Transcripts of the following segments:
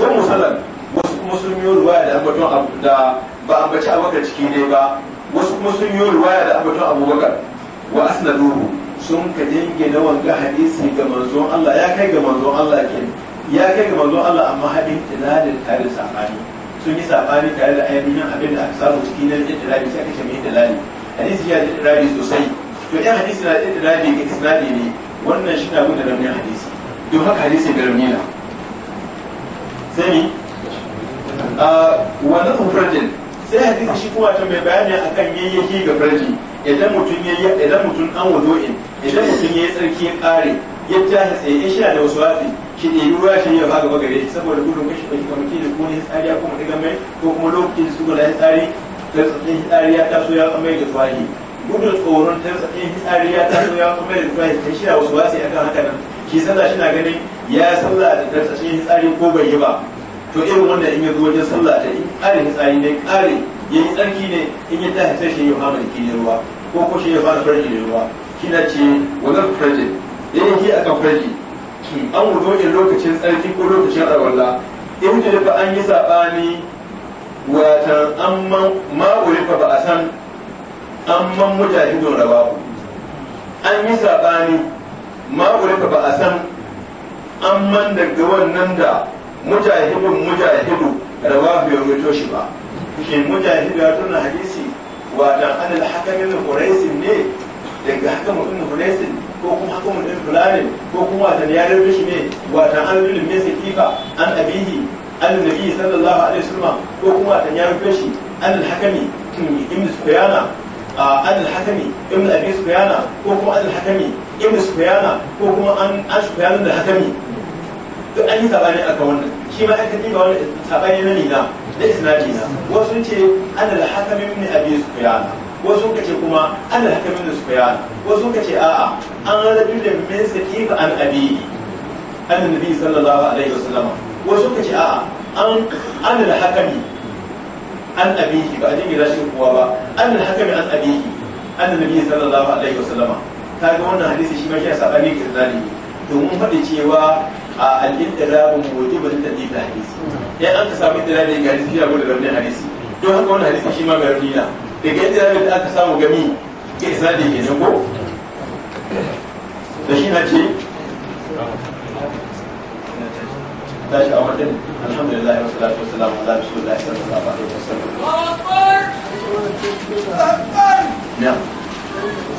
tun musallan wasu kuma sun yi ruwaya da ambaton abu da ba ambaci abubakar ciki ne ba wasu kuma sun yi ruwaya da ambaton abubakar wa duhu sun ka dingina wanga hadisi ga manzon Allah ya kai ga manzon Allah ke ya kai ga manzon Allah amma hadin tilalin tare da sabani sun yi sabani tare da ayyukan abin da aka samu na nan ittilabi sai aka shame da dalali hadisi ya da ittilabi sosai to ɗan hadisi na da ittilabi ga isnadi ne wannan shi na gudanar hadisi don haka hadisi ga ramina sai ah, wani ufrajin sai hadisi shi kuma ta mai bayani akan yayyaki ga farji idan mutum yayi idan mutum an wudu'in idan mutum yayi tsarki ya kare ya tashi tsaye in shi da wasu wafi shi ne ruwa shi ya faga bagare shi saboda gudun kashi bai kuma kike ko ne tsari ko mu diga mai ko kuma lokacin su gula ya tsari da tsakin tsari ya taso ya kuma da tsari gudun tsoron ta tsakin tsari ya taso ya kuma da tsari shi da wasu wafi akan haka nan shi sallah shi na ganin ya sallah da tartashin tsari ko bai yi ba to irin wanda in ya zo wajen sallah ta in ƙarin tsari ne ƙare ya yi tsarki ne in ya tashi sai shi ya fara kinin ruwa ko ko shi ya fara farki da ruwa shi na ce wannan farji ya yi a kan farki an wuto in lokacin tsarki ko lokacin arwalla in da fa an yi saɓani watan an ma urifa ba a san an man mutane don rabahu an yi saɓani ma'urika ba a san an man daga wannan da mujahidun mujahidu rawa bai rujo shi ba shi mujahidu ya tuna hadisi wa watan anil hakamin huraisin ne daga hakamin ɗin huraisin ko kuma hakamin ɗin fulanin ko kuma watan ya rujo shi ne wa an anil mesa kifa an abihi an nabi sallallahu alaihi wasallam ko kuma watan ya rujo shi an hakami ibn sufyana an hakami ibn abi sufyana ko kuma an hakami ibn sufyana ko kuma an an sufyana da hakami duk an yi sabani aka wannan shi ma aka dinga wani sabani na nina da isnadi na wasu ce ana da hakami min abi sufyana wasu ka ce kuma ana da hakami min sufyana wasu ka ce a'a an rabu da min sakifa an abi an nabi sallallahu alaihi wasallam wasu ka ce a'a an ana da hakami an abihi ba a dinga shi kowa ba an da hakami an abihi an nabi sallallahu alaihi wasallama ta ga wannan hadisi shi ma shi a sabani ke zali domin faɗi cewa a al-indirabun wajibul tadlil hadisi ya an ka samu indirabun ga hadisi ya gudu da wannan hadisi don haka wannan hadisi shi ma ga rina daga indirabun da aka samu gami ke zali ke ko da shi na ce tashi a wajen alhamdulillah wa salatu wa salam ala rasulillah sallallahu alaihi wasallam na'am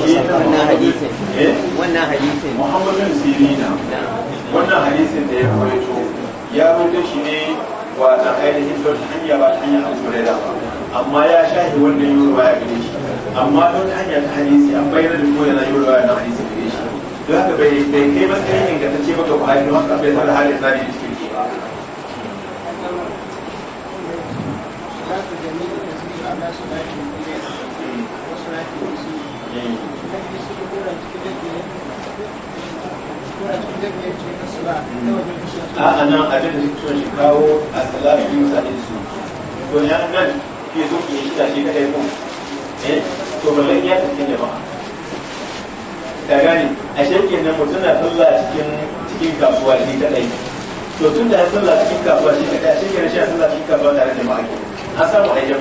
wannan hadisin eh? wannan hadisin muhammadin sirina wannan hadisin da ya rawaito ya rawaito shi ne wa ta ainihin don hanya ba ta hanyar abu da amma ya shahi wanda ya ruwa ya gare shi amma don hanya ta hadisi an bayyana da ko yana ruwa ya hadisi gare shi don haka bai bai kai matsayin ingantacce ba ga buhari don haka bai da halin zari da cikin ba Thank you. a anan a da suke shi kawo a salatu biyu sa'in su to ya nan ke zo ke shi tashi kadai ko eh to ballan ya tafi ba. ka gane a shekin nan mutum na sallah cikin cikin kasuwa shi kadai to tun da ya sallah cikin kasuwa shi kadai a shekin shi sallah cikin kasuwa tare da jama'a ke an samu a jam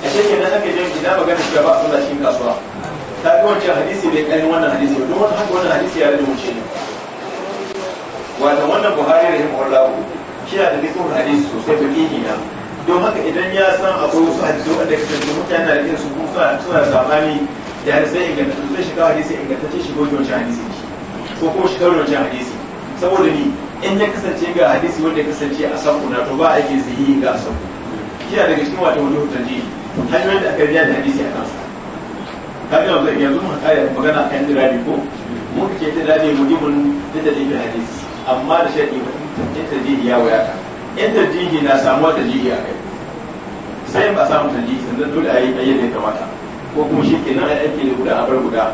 a shekin nan aka jam ina magana shi ba sallah cikin kasuwa ta ga wancan hadisi bai kai wannan hadisi don wannan hadisi ya rage wuce ne wato wannan buhari da himmallahu shi na da nufin hadisi sosai fakihi na don haka idan ya san akwai wasu hadisi wanda ya kasance mutane na rikin su kuma suna zamani da inganta ingantattu zai shiga hadisi ingantacce shigo da wancan hadisi ko kuma shiga da wancan hadisi saboda ni in ya kasance ga hadisi wanda ya kasance a sabu na to ba a yake yi ga sabu shi na daga cikin wata wani hutun jini hanyoyin da aka biya da hadisi a kansa kaga yanzu yanzu mun kare magana a kan jirage ko mun ke ta dade mujimun da dalilin hadisi amma da sharɗi ta tarjihi ya wayata in tarjihi na samuwa tarjihi a kai sai ba ta tarjihi sannan dole a yi ne ya kamata ko kuma shi ke nan aiki da guda a bar guda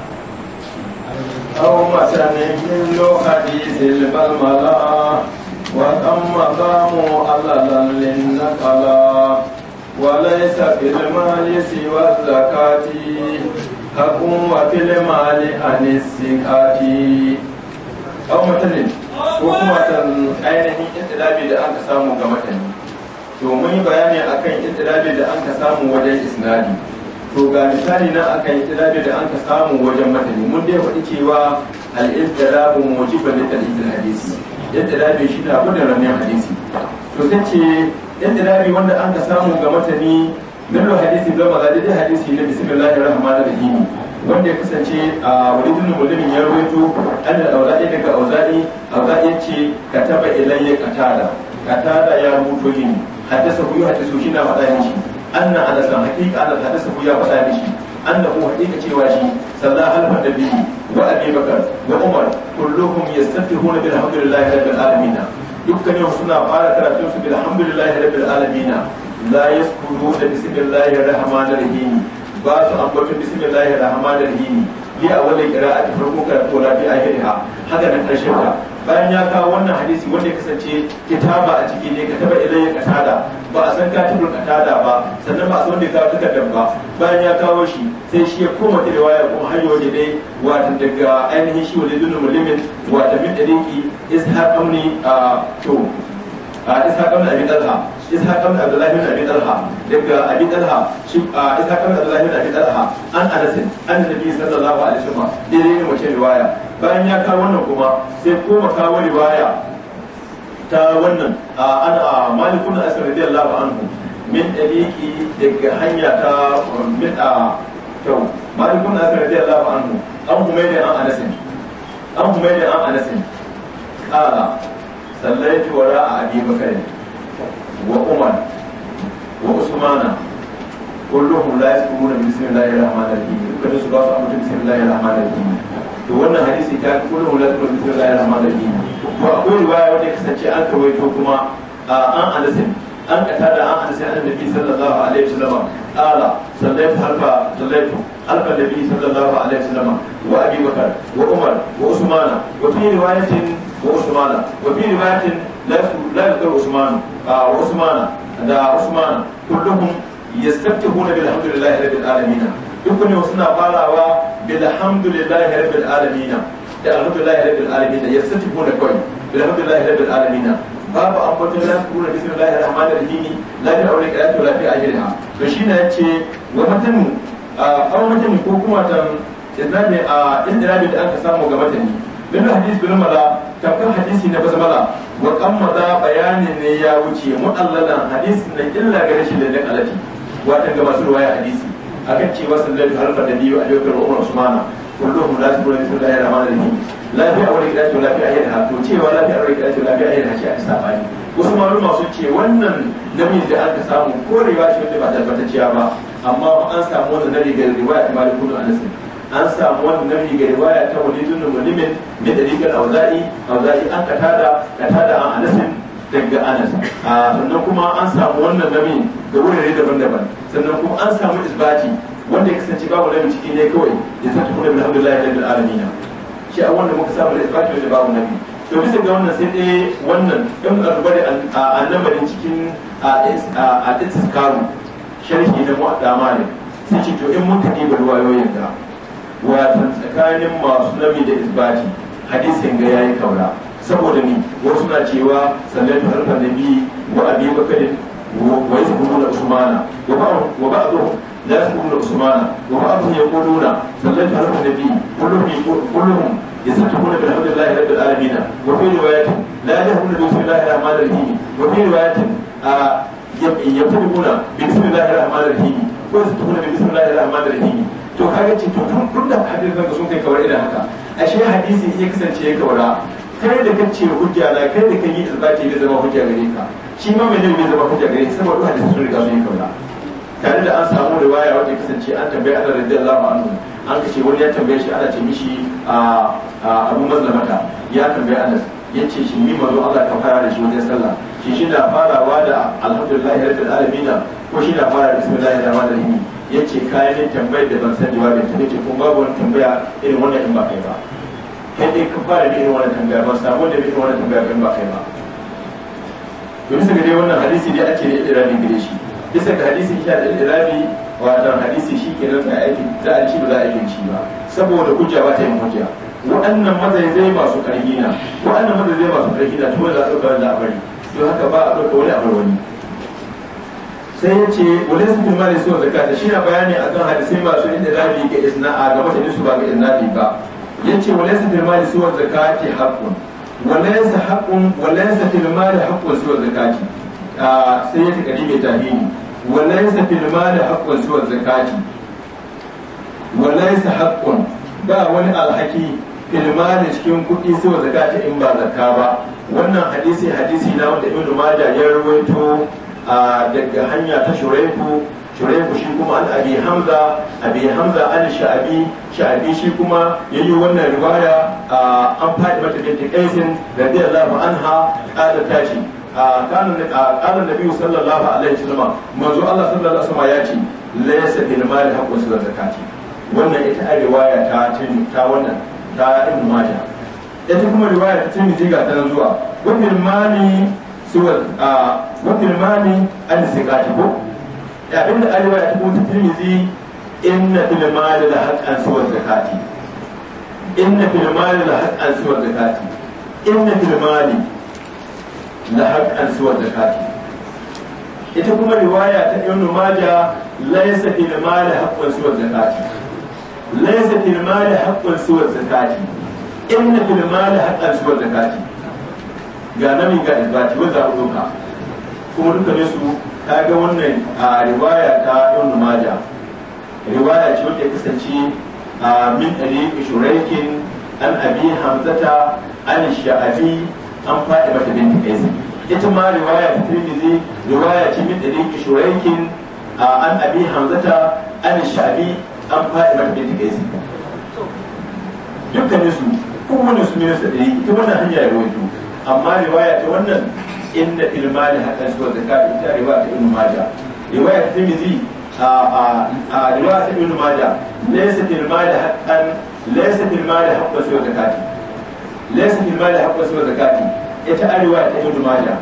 أو مثل مثل حديث البلملا وتم مقام عللا للنقلا وليس في المال سوى الزكاة حكم وفي المال عن السكاة أو مثل ko kuma tan ainihin intilabi da an ka samu ga matani to mun yi bayani akan intilabi da an ka samu wajen isnadi to ga misali nan akan intilabi da an ka samu wajen matani mun dai faɗi cewa al-intilabu mujiban li hadisi intilabi shi na gudun ramin hadisi to sai ce intilabi wanda an ka samu ga matani nan hadisi magadi da hadisi na bismillahir rahmanir rahim wanda ya kasance a wajen walidin ya rubuto an da auza'i daga a auza'i ce ka taba ilayya katada katada ya rubuto gini haddasa ku yi haddasa shi na faɗa mishi na alasan haƙiƙa da haddasa ku ya faɗa mishi annahu haƙiƙa cewa shi sallah alfa da biyu wa abi bakar wa umar kullum ya kulluhum yastafihuna bil hamdulillahi rabbil alamin dukkanin suna fara karatun su bin bil hamdulillahi rabbil alamin la yaskuruna bismillahi rahmanir rahim ba su ambaton bismillahir rahmanir rahim li awwal qira'ati farko karatu la bi ahiriha haka nan karshen ta bayan ya kawo wannan hadisi wanda ya kasance kitaba a ciki ne ka taba ilayya katada ba a san katibul katada ba sannan ba a san da ya kawo ba bayan ya kawo shi sai shi ya koma da riwaya kuma hanyoyi dai wata daga ainihin shi wanda zunul limit wata min dariki ishaq amni ah, to ishaq ibn abi talha ishaq ibn abdullah ibn abi talha daga abi talha shi ishaq ibn abdullah ibn abi talha an anas an nabi sallallahu alaihi wasallam dai ne wace riwaya bayan ya kawo wannan kuma sai kuma kawo riwaya ta wannan an malik ibn asr radiyallahu anhu min daliki daga hanya ta mida kyau malik ibn asr radiyallahu anhu an humayda an anas an humayda an anas qala sallaitu wa a abi bakari wa umar wa usmana kulluhum la yaskuruna bi bismillahir rahmanir rahim dukkan su ba su amince bismillahir rahmanir rahim to wannan hadisi ta kulluhum la yaskuruna bi bismillahir rahmanir rahim wa akwai riwaya wanda kasance an karwaito kuma an anasin an kata da an an nabi sallallahu alaihi wasallam Ala sallaitu halfa sallaitu halfa nabi sallallahu alaihi wasallam wa abi bakar wa umar wa usmana wa fi riwayatin وعثمانه وفي روايه لا لا يذكر عثمان عثمان da Usman kullum ya stafte hune bil hamdulillahi rabbil alamin dukkan ne suna farawa bil hamdulillahi rabbil alamin da alhamdulillahi rabbil alamin ya stafte hune kai bil hamdulillahi rabbil alamin babu abbatun da ku ne bismillahir rahmanir rahim la ilaha illa allah la fi ahirha to shi ne yace wa matan a ah, kuma matan ko kuma tan yadda ne a ah, inda rabbi da aka samu ga matan lil hadis bil mala tabbar hadisi na basmala wa qammada bayani ne ya wuce mu'allalan hadisin da illa ga rashin lallan alati watan ga masu ruwaya hadisi akan cewa sallallahu harfa da biyu a lokacin Umar Usmana kulluhum la yasbuna bi sallallahu rahman rahim lafiya wani gida to lafiya yin ha to cewa lafiya wani gida to lafiya yin ha shi a sabani wasu maluma sun ce wannan namiji da aka samu korewa shi wanda ba tabbatacciya ba amma an samu wannan nari ga riwaya ta malikun anas an samu wannan ga riwaya ta tunan mulimin min dariqal auza'i auza'i an katada katada an anasin daga anas ah, sannan kuma an samu wannan nami da wurare daban-daban sannan kuma an samu isbati wanda ya kasance babu nami ciki ne kawai ya sa tukuna bin hamdulillahi rabbil alamin shi a wanda muka samu da isbati wanda babu nami to bisa ga wannan sai dai wannan ɗan da annabarin cikin a ɗin skarun sharhi na mu'adda malik sai ce to in mun kaɗi ba ruwayoyin da wato tsakanin masu nabi da isbati hadisin ga yayi kaura saboda ni wasu na cewa sallatu harfa da ni wa abi bakar wa yasu kullu da usmana wa ba wa ba zo la yasu da usmana wa ba zo yaquluna sallatu harfa da ni kullu ni kullu yasu kullu da alhamdulillah rabbil alamin wa fi riwayat la yahum bi bismillahir rahmanir rahim wa fi riwayat a yaquluna bi bismillahir rahmanir rahim wa yasu kullu bi bismillahir rahmanir rahim to kaga ce to tun da hadin kan sun kai kawar idan haka ashe hadisi ya kasance ya kawara kai da kace hujja la kai da kai albati bai zama hujja gare ka shi ma mai bai zama hujja gare ka saboda hadisi sun riga sun yi kawara tare da an samu riwaya wanda kasance an tambaye Allah radiyallahu anhu an kace wani ya tambaye shi ana ce mishi a Abu Mazlamata ya tambaye ya yace shi ni mazo Allah ka fara da shi wajen sallah shi shi da farawa da alhamdulillah rabbil alamin ko shi da fara bismillahir rahmanir rahim ya ce kayan yin tambayar da ban san jawabin ta ce kuma babu wani tambaya irin wannan in ba kai ba kai dai ka fara da irin wannan tambaya ba samu da irin wannan tambaya in ba kai ba to bisa ga dai wannan hadisi dai ake da irabi gare shi bisa ga hadisi shi da irabi wato hadisi shi ke nan da aiki za a ci ba za a yi ci ba saboda hujja ba ta yin hujja waɗannan ba su ƙarfi na waɗannan ba su ƙarfi na to da za a ɗauka wanda a bari don haka ba a ɗauka wani a bar wani sai ya ce wani su bin mali suwa zakata shi na bayani a kan hadisai masu inda labi ga a ga mutane su ba ga isna'i ba ya ce wani su bin mali suwa zakati haƙƙun wani su haƙƙun wani su tumar da haƙƙun suwa zakati sai ya taƙari mai tahini wani su tumar da haƙƙun suwa zakati wani su haƙƙun ba wani alhaki da cikin kuɗi suwa zakati in ba zakka ba wannan hadisi hadisi na wanda ibn majah ya rawaito daga hanya ta shuraifu shuraifu shi kuma an abi hamza abi hamza an sha'abi sha'abi shi kuma ya yi wannan riwaya an fadi mata binti ta radiyallahu anha qala da kan da biyu sallallahu alaihi wasallam manzo Allah sallallahu alaihi wasallam ya ce laysa bil mali haqqun sura zakati wannan ita riwaya ta ta wannan ta ibn majah ita kuma riwaya ta tirmidhi ga ta zuwa wannan mali siwal a wafin mani an kati ko abin da arewa ya tuku tirmizi inna fil mali la haqqan siwal zakati inna fil mali la haqqan siwal zakati inna fil da la haqqan da kati. ita kuma riwaya ta ibn majah laysa fil mali haqqan siwal zakati laysa fil mali haqqan siwal zakati inna fil mali haqqan da kati. ga nami ga izbati wanda a duka kuma ne su ta ga wannan a riwaya ta ibn maja riwaya ce wata ya kasance a min ɗariƙi shuraikin an abi hamzata an sha'abi an faɗi mata bin kaisi ita ma riwaya ta tirmidhi riwaya ce min ɗariƙi shuraikin an abi hamzata an sha'abi an faɗi mata bin kaisi dukkanin su kowane su ne su ɗari ita wannan hanyar yawon rawaito amma riwaya ta wannan inda ilmali hatta zuwa zakka ita riwaya ta ibn maja riwaya ta timizi a a a riwaya ta ibn maja laysa ilmali hatta laysa ilmali hatta zuwa zakati laysa ilmali hatta zuwa zakati ita a riwaya ta ibn maja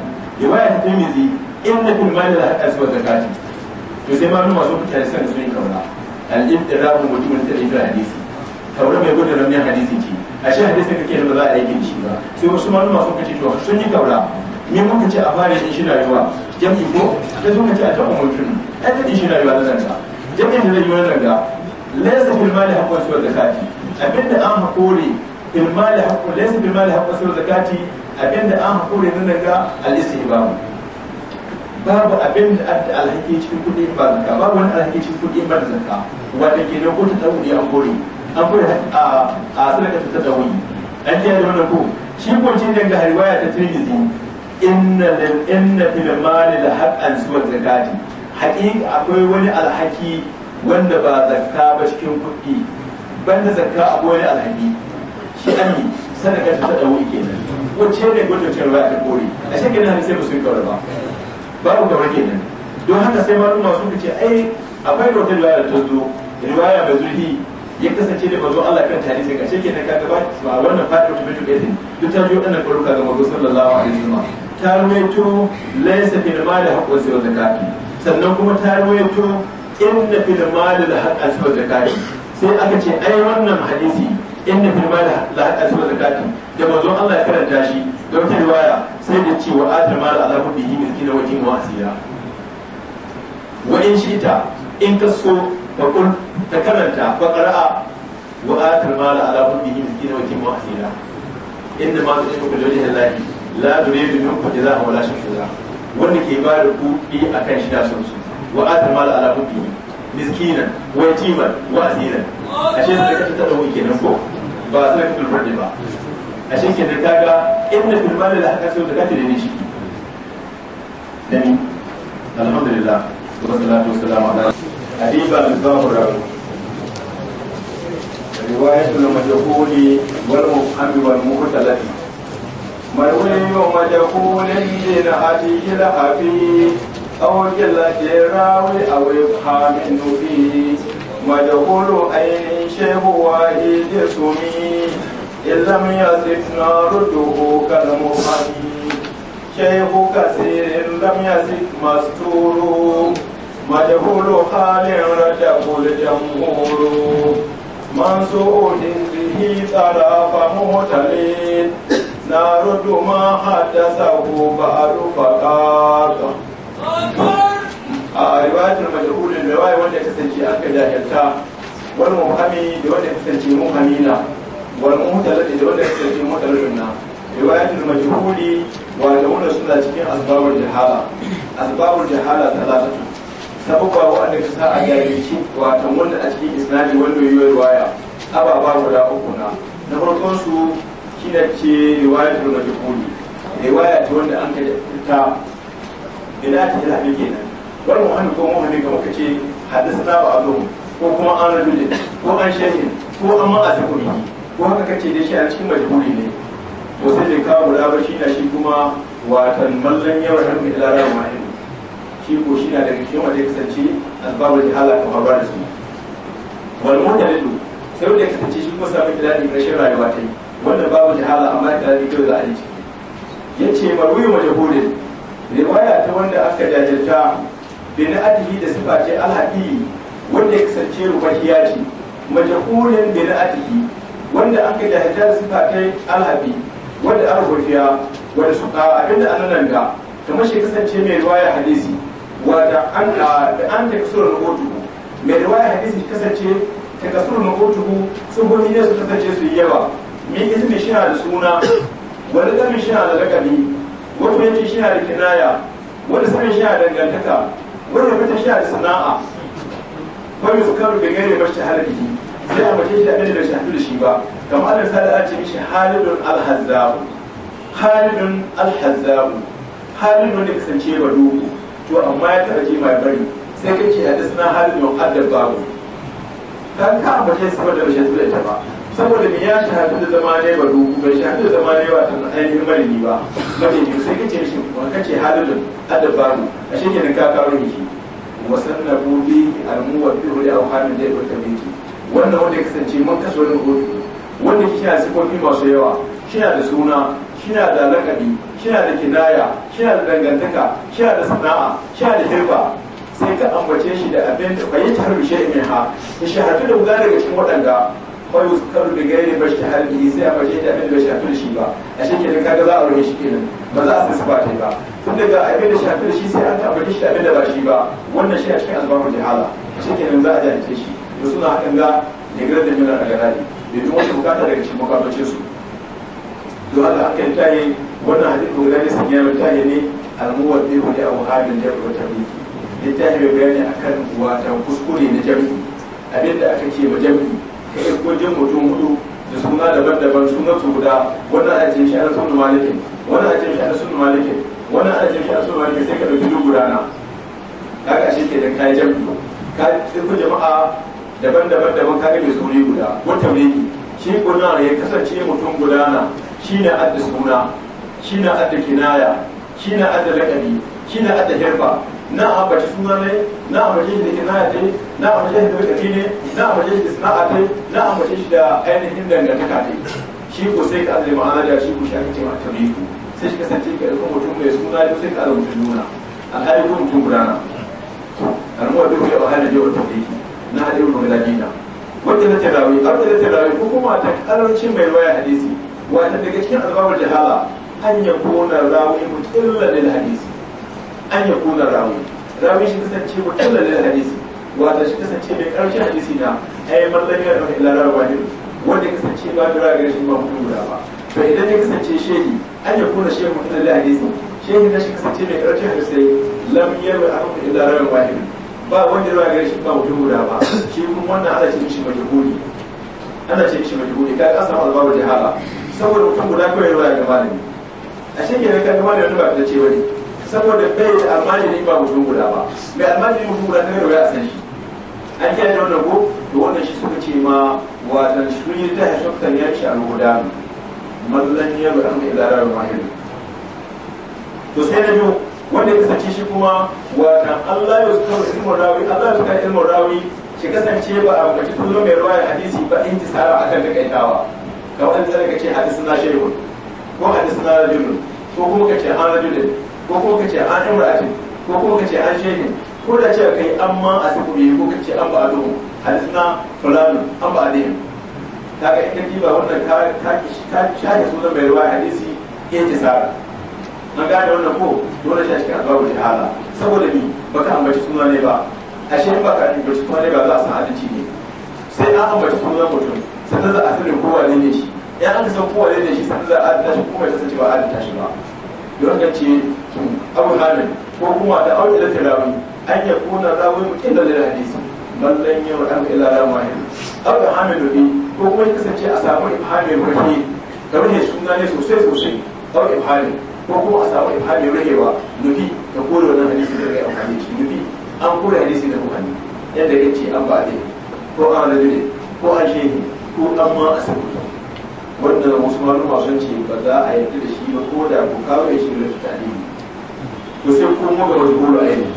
riwaya ta timizi inda ilmali hatta zuwa zakati to sai ma mun masu mutane san su yin kaura al-ibtira'u mutumin da ibra hadisi kaura mai gudun ramin hadisi ce a shi hadisin kake da ba za a yi shi ba sai wasu malama sun kace to sun yi kaura me muka ce a fara shi shi rayuwa jami'i ko da sun kace a taɓa mutum ai kadi shi rayuwa da zanga jami'in da zai yi ga laysa fil mali haqqu wa zakati abinda an hakuri fil mali haqqu laysa fil mali haqqu wa zakati abinda an hakuri da daga al-istihbab babu abin da adda alhaki cikin kudi ba zakka babu wani alhaki cikin kudi ba zakka wanda ke da ko ta wuri an gori An akwai a a sarkata ta dawi an jiya da wannan ko shi kunci da ga riwaya ta tirmidhi inna lil inna fil mali la haqqan suwa zakati haqiqa akwai wani alhaki wanda ba zakka ba cikin kuɗi banda zakka akwai wani alhaki shi ani sadaka ta dawi kenan wacce ne gwada cewa riwaya ta kore a shekin hadisi sai ba su yi kawar ba babu kawar kenan don haka sai malum masu kace ai akwai wata riwaya da ta zo riwaya mai zurfi ya kasance da bazo Allah kan tare sai kace kenan ka gaba ba wannan fa'idar ta bidu gazi duk ta ji wadannan baruka ga manzo sallallahu alaihi wasallam ta ruwaito laysa fil mali haqqun sai zakati sannan kuma ta ruwaito inna fil mali haqqun sai zakati sai aka ce ai wannan hadisi inna fil mali haqqun sai zakati da manzo Allah ya karanta shi da wata riwaya sai da ce wa atal mali ala hubbihi miskina wa jin wa wa in shita in ka so فقل kun ta karanta المال على wa مسكين وكيم ala إنما miskina wa الله لا تريد ma su ku dole wala wanda ke ba da kuɗi akan shi da sun su wa atul mala ala kullihi miskina wa yatiman wa asira ashe sai ka ko ba sai ka ba ashe da kaga inda sai ka shi dani alhamdulillah والصلاة والسلام على حديث الإمام الرابع رواية المجهول والمفهم والمختلف مروي مجهول من حديث الحبي أو جل جراوي أو إبحام النبي مجهول أين شيخ واحد سمي إن لم يصف نارده كالمفهم شيخ كثير لم يصف مستوره مجهول خال رجب الجمهور منسوء به طرف مهتلين نارد ما حدثه بعد فقاط a riwayatul majhul riwaya wanda ya kasance aka jahilta wal muhammi da wanda ya kasance muhammina wal mutalad da wanda ya kasance mutaladun na wa da cikin asbabul jahala asbabul jahala na uku wanda ka sa a jahilci wato wanda a cikin isnadi wanda yi riwaya ababa guda uku na na farkon su kina ce riwaya ta majhuli riwaya ta wanda an ka ta ina ta ila ne kenan wal muhammad ko ka ce kace hadisna ba azu ko kuma an rajulin ko an shehin ko an ma ma'azakuri ko haka kace da shi a cikin majhuli ne to sai da kawo guda ba shi na shi kuma watan mallan yawan hannu ila ramahin shi ko shi na da rikin wanda ya kasance asbabul hala ka faruwa da su wal muhtadidu sai wanda ya kasance shi ko samu tilali rashin rayuwa ta yi wannan babu hala amma tilali kyau za a yi ciki yace marwi majhulin riwaya ta wanda aka jajirta bin adihi da sifa ce alhaqi wanda ya kasance rubahiya ce majhulin bin adihi wanda aka jajirta da sifa ta wanda an rubahiya wanda suka abinda an nan ga kamar shi kasance mai ruwaya hadisi wanda an da an ta kasura rubutu mai riwaya hadisi kasance ta kasura rubutu tsubomi ne su kasance su yi yawa min ismi da suna wani zamin shi na da lakabi wani yanci shi da kinaya wani sanin shi dangantaka wani rubutun shi na da sana'a wani su karu bai gane mashi har sai a mace shi da ɗan da da shi ba kamar Allah sai da ce mishi halidun kasance ba dubu to amma ya taraji mai bari sai a kace hadisna halin haddar babu kan ka ambace saboda rashin zuwa ita ba saboda me ya shahadu da zama ne ba dubu bai shahadu da zama ne ba ta ainihin malami ba mace ne sai kace shi ba ce halin haddar babu a shi ne ka ne shi wasannabu bi hudu a awhamin da ya kwanta tabiki wannan wanda ya kasance mun kashe wani hoto wanda shi na sifofi masu yawa shi na da suna shi na da lakabi shi na da kinaya shi da dangantaka shi da sana'a shi da hirba sai ka ambace shi da abin da bai ta rushe min ha ya shahatu da wuga daga cikin waɗanda kawai su karu da gairi ba shi halbi sai ambace da abin da bai shahatu da shi ba a shi kenan kaga za a rufe shi kenan ba za a sai su ba ba tun daga abin da shahatu da shi sai an tabbata shi da abin da ba shi ba wannan shi a cikin azbabu jihala a shi kenan za a jance shi da suna hakan ga ne gidan da nuna a garari da duk wata bukata daga cikin makamacin su. Zuwa da aka yi wannan hadith guda ne sun yana ta ne abu hu da awhadin jabr ta tabi'i littafi ne bayani kan wata kuskure na jami'i abinda aka ce ma jami'i ka ko jin mutum hudu da suna daban-daban suna su guda wannan a jin shi ana sunan malikin wannan a jin shi ana sunan malikin wannan a jin shi ana sunan malikin sai ka ɗauki duk gudana kaga shi ke da kai jami'i ka ko jama'a daban-daban daban kaga mai sauri guda ko tabliki shi na ya kasance mutum gudana shi ne adda suna shi na adda kinaya shi na adda laƙabi shi na adda hirba na ambaci suna ne na ambace shi da kinaya ne na ambace shi da lokaci ne na ambace shi da sana'a ne na ambace shi da ainihin dangantaka ne shi ko sai ka azumi ma'ana da shi ko shi ake cewa tariku sai shi kasance ka ɗauko mutum mai suna ne sai ka azumi mutum nuna alhali ko mutum gudana al'ummar duk da wahala ne wata ne na hadin magalajina wanda na tarawi abin da tarawi ko kuma ta karanci mai waya hadisi wata daga cikin albabar jahala an ya kona rawi mutilla lil hadisi an ya shi kasance mutilla lil hadisi wato shi kasance mai karshen hadisi na ai mallami ya dauka illa rawi wanda kasance ba dura ga shi ba mutum guda ba idan ya kasance shehi an ya kona shehi mutilla lil hadisi shehi na shi kasance mai karshen hadisi lam illa ba wanda ya ga shi ba mutum guda ba shi kuma wannan ana ce shi majhuli ana ce shi majhuli ka kasa albabu jahala saboda mutum guda kawai ya ga malami a shi na kan kamar da wani ba ta ce wani saboda bai da ne ba mutum guda ba mai almajiri mutum guda ta da ya san shi an kiyaye wannan ko da wannan shi suka ce ma watan sun yi ta shaftan ya shi al-hudan mazlan ya ba an idara da mahiri to sai na biyu wanda ya kasance shi kuma watan Allah ya zuka ilmin rawi Allah ya zuka ilmin rawi shi kasance ba a bukaci tuzo mai ruwa hadisi ba in ji a kan takaitawa kawai zai ka ce hadisi na shehu ko na rajulun ko kuma kace an rajulun ko kuma kace an imra'atin ko kuma kace an shehin ko da cewa kai amma a suku ko kace an ba ba'adu na fulani an ba a kaga in ka ba wannan ta ka ka suna sunan mai ruwa hadisi ya ce sara an gane wannan ko dole shi a cikin azabu hala saboda ni baka ambaci suna ne ba ashe in baka ambaci suna ne ba za a san hadisi ne sai an ambaci suna mutum sannan za a sanin kowa ne ne shi ya an san kowa da shi sun za a adana shi kuma ya kasance ba a adana shi ba don ka ce abu hamid ko kuma da aure da tirawi an ya kuna rawin mutum da lera hadisi ballan yau an ila ramahin abu hamid ne ko kuma ya kasance a samu ibhami ruhi da ruhe suna ne sosai sosai abu ibhami ko kuma a samu ibhami ruhewa nufi da kore wannan hadisi da ya amfani shi nufi an kore hadisi da amfani yadda ya ce an ba ko an rajule ko an shehi ko an ma a asibiti wanda wasu malama masu ce ba za a yarda da shi ba ko da ku kawo ya shi da ne to sai ko mu ga majhulu ainihin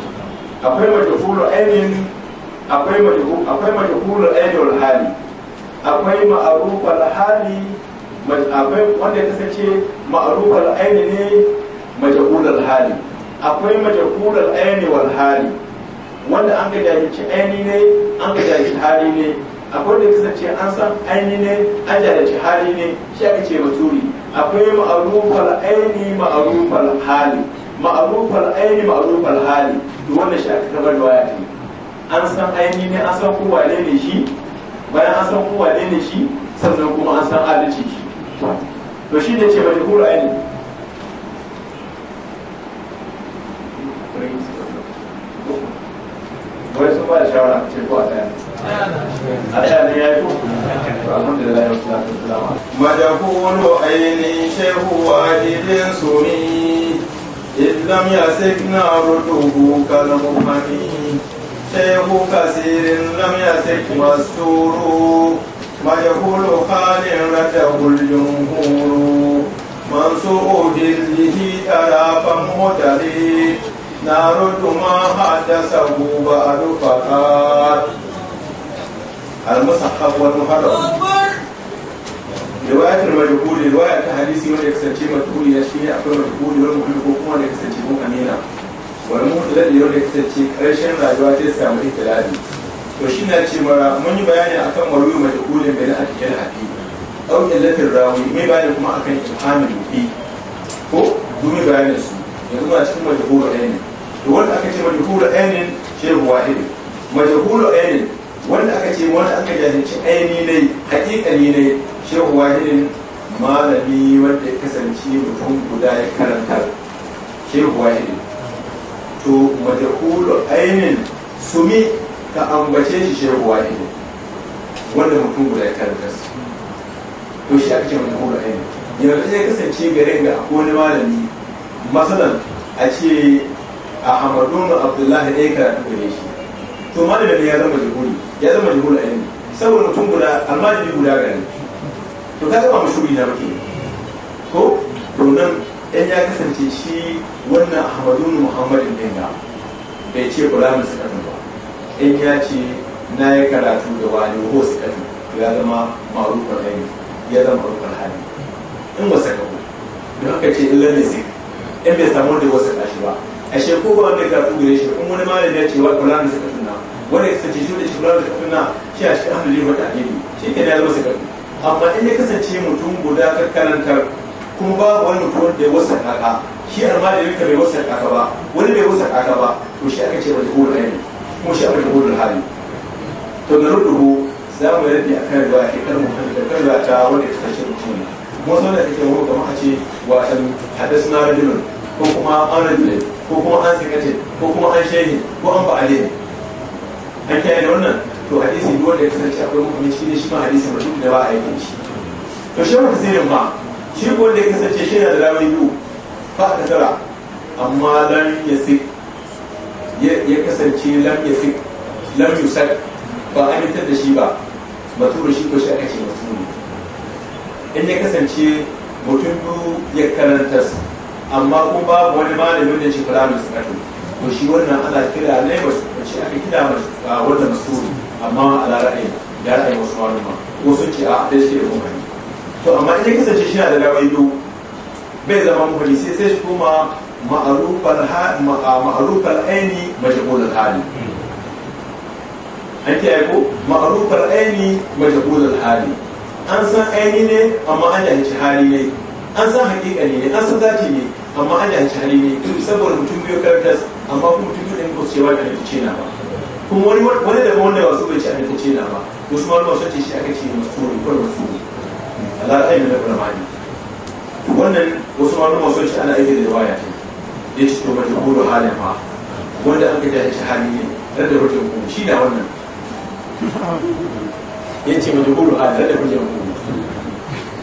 akwai majhulu ainihin akwai majhulu akwai majhulu ainihin hali akwai ma'arufal hali akwai wanda ya kasance ma'arufal ainihin majhulul hali akwai majhulul ainihin hali wanda an ga jahilci aini ne an ga jahilci hali ne akwai da kasance an san aini ne ajalaci jihari ne shi aka ce baturi akwai ma'arufar aini ma'arufar hali ma'arufar aini ma'arufar hali da wannan shi aka kamar riwaya ne an san aini ne an san kowa ne ne shi bayan an san kowa ne ne shi sannan kuma an san adalci shi to shi ne ce mai hura aini wai sun ba da shawara ce ko a tsaye. مجهول أين شيخ واحد سني إذ لم يسك نارته كالمؤمن شيخ كثير لم يسك مستور مجهول خال رده الجمهور منصور جلده ألافا مدري نار ما حدثه بعد فقط المصحف والمحرم رواية المجهول رواية حديث من يكسنتي مجهول يشفيه أكبر مجهول والمهم كوكوما يكسنتي مؤمنين والمؤمن يوم يكسنتي رشن رأيوات السامر الثلاثي وشينا تيمرا من يبياني أكم مروي مجهول من أكيان حكيم أو إلة الراوي من بعد كما أكن إمحام المفيد ko dumi bayanin su yanzu muna cikin majahulu ainin to wanda aka ce majahulu ainin shehu wahidi majahulu ainin wanda aka ce wanda aka jahilci aini ne hakikali ne shehu wahidin malami wanda ya kasance mutum guda ya karanta shehu wahidin to majahulu ainin sumi ka ambace shi shehu wahidin wanda mutum guda ya karanta su to shi aka ce majahulu ainin yanzu ya kasance garin ga wani malami masalan a ce a ma abdullahi ɗaya karatu gare shi to malamin ya zama jihuri ya zama jihul ilmi saboda mutum guda almajiri guda gani to ka zama mashuri na muke ko domin nan ya kasance shi wannan ahmadun muhammadin din da bai ce mai sakatu ba in ya ce na yi karatu da wani ho sakatu ya zama ma'rufin ilmi ya zama ma'rufin hali in wasa ka don haka ce in lalle sai in bai samu da wasa shi ba a ko ba wanda karatu gare shi kuma wani malami ya ce wa gulamin suka wanda ya kasance shi da shi da kuna shi a cikin ahlul wata da ilimi shi ke da zama sakaci amma in ya kasance mutum guda ka karantar kuma ba wani mutum da ya wasa kaka shi amma da yake bai wasa kaka ba wani bai wasa kaka ba to shi aka ce wani ko da ilimi kuma shi aka ko hali to na ruduhu za mu a kan ruwa ke kan mutum da kan ruwa ta wanda ya kasance mutum kuma sau da kake wani kama a ce wa an haddasa na rajulun ko kuma an rajulun ko kuma an sikatin ko kuma an shehi ko an ba'alin an kiyaye da wannan to hadisi duk wanda ya kasance akwai muhimmin shi ne shi ma hadisi mutum da ba a yi shi to shi ma tasirin ma shi ko wanda ya kasance shi yana da rawayi biyu ba da tara amma lam ya yasik ya kasance lam yasik lam yusak ba a mintar da shi ba maturu shi ko shi aka ce maturu in ya kasance mutum biyu ya karanta amma kuma babu wani malamin da shi kula da su to shi wannan ana kira ne wace aka kira a wannan masuri amma ala ra'ayi da ra'ayi wasu maluma ko sun ce a dai shi da kuma muhari to amma idan kasance shi na da rawai biyu bai zama muhari sai sai shi kuma ma'arufal ma'arufal aini majhulul hali an kiyaye ko ma'arufal aini majhulul hali an san aini ne amma an yanci hali ne an san hakika ne an san zati ne amma an yanci hali ne saboda mutum biyu karkas amma kuma duk da ko cewa da ta ce na ba kuma wani wani da wanda wasu su bai ce ta ce na ba wasu wani wasu ce shi aka ce musturi ko musturi Allah ta yi da Qur'ani wannan wasu wani wasu ce ana aiki da waya ce ya ce to majhulu halin ma wanda an ga shi hali ne rada rujun ku shi da wannan ya ce majhulu halin rada rujun ku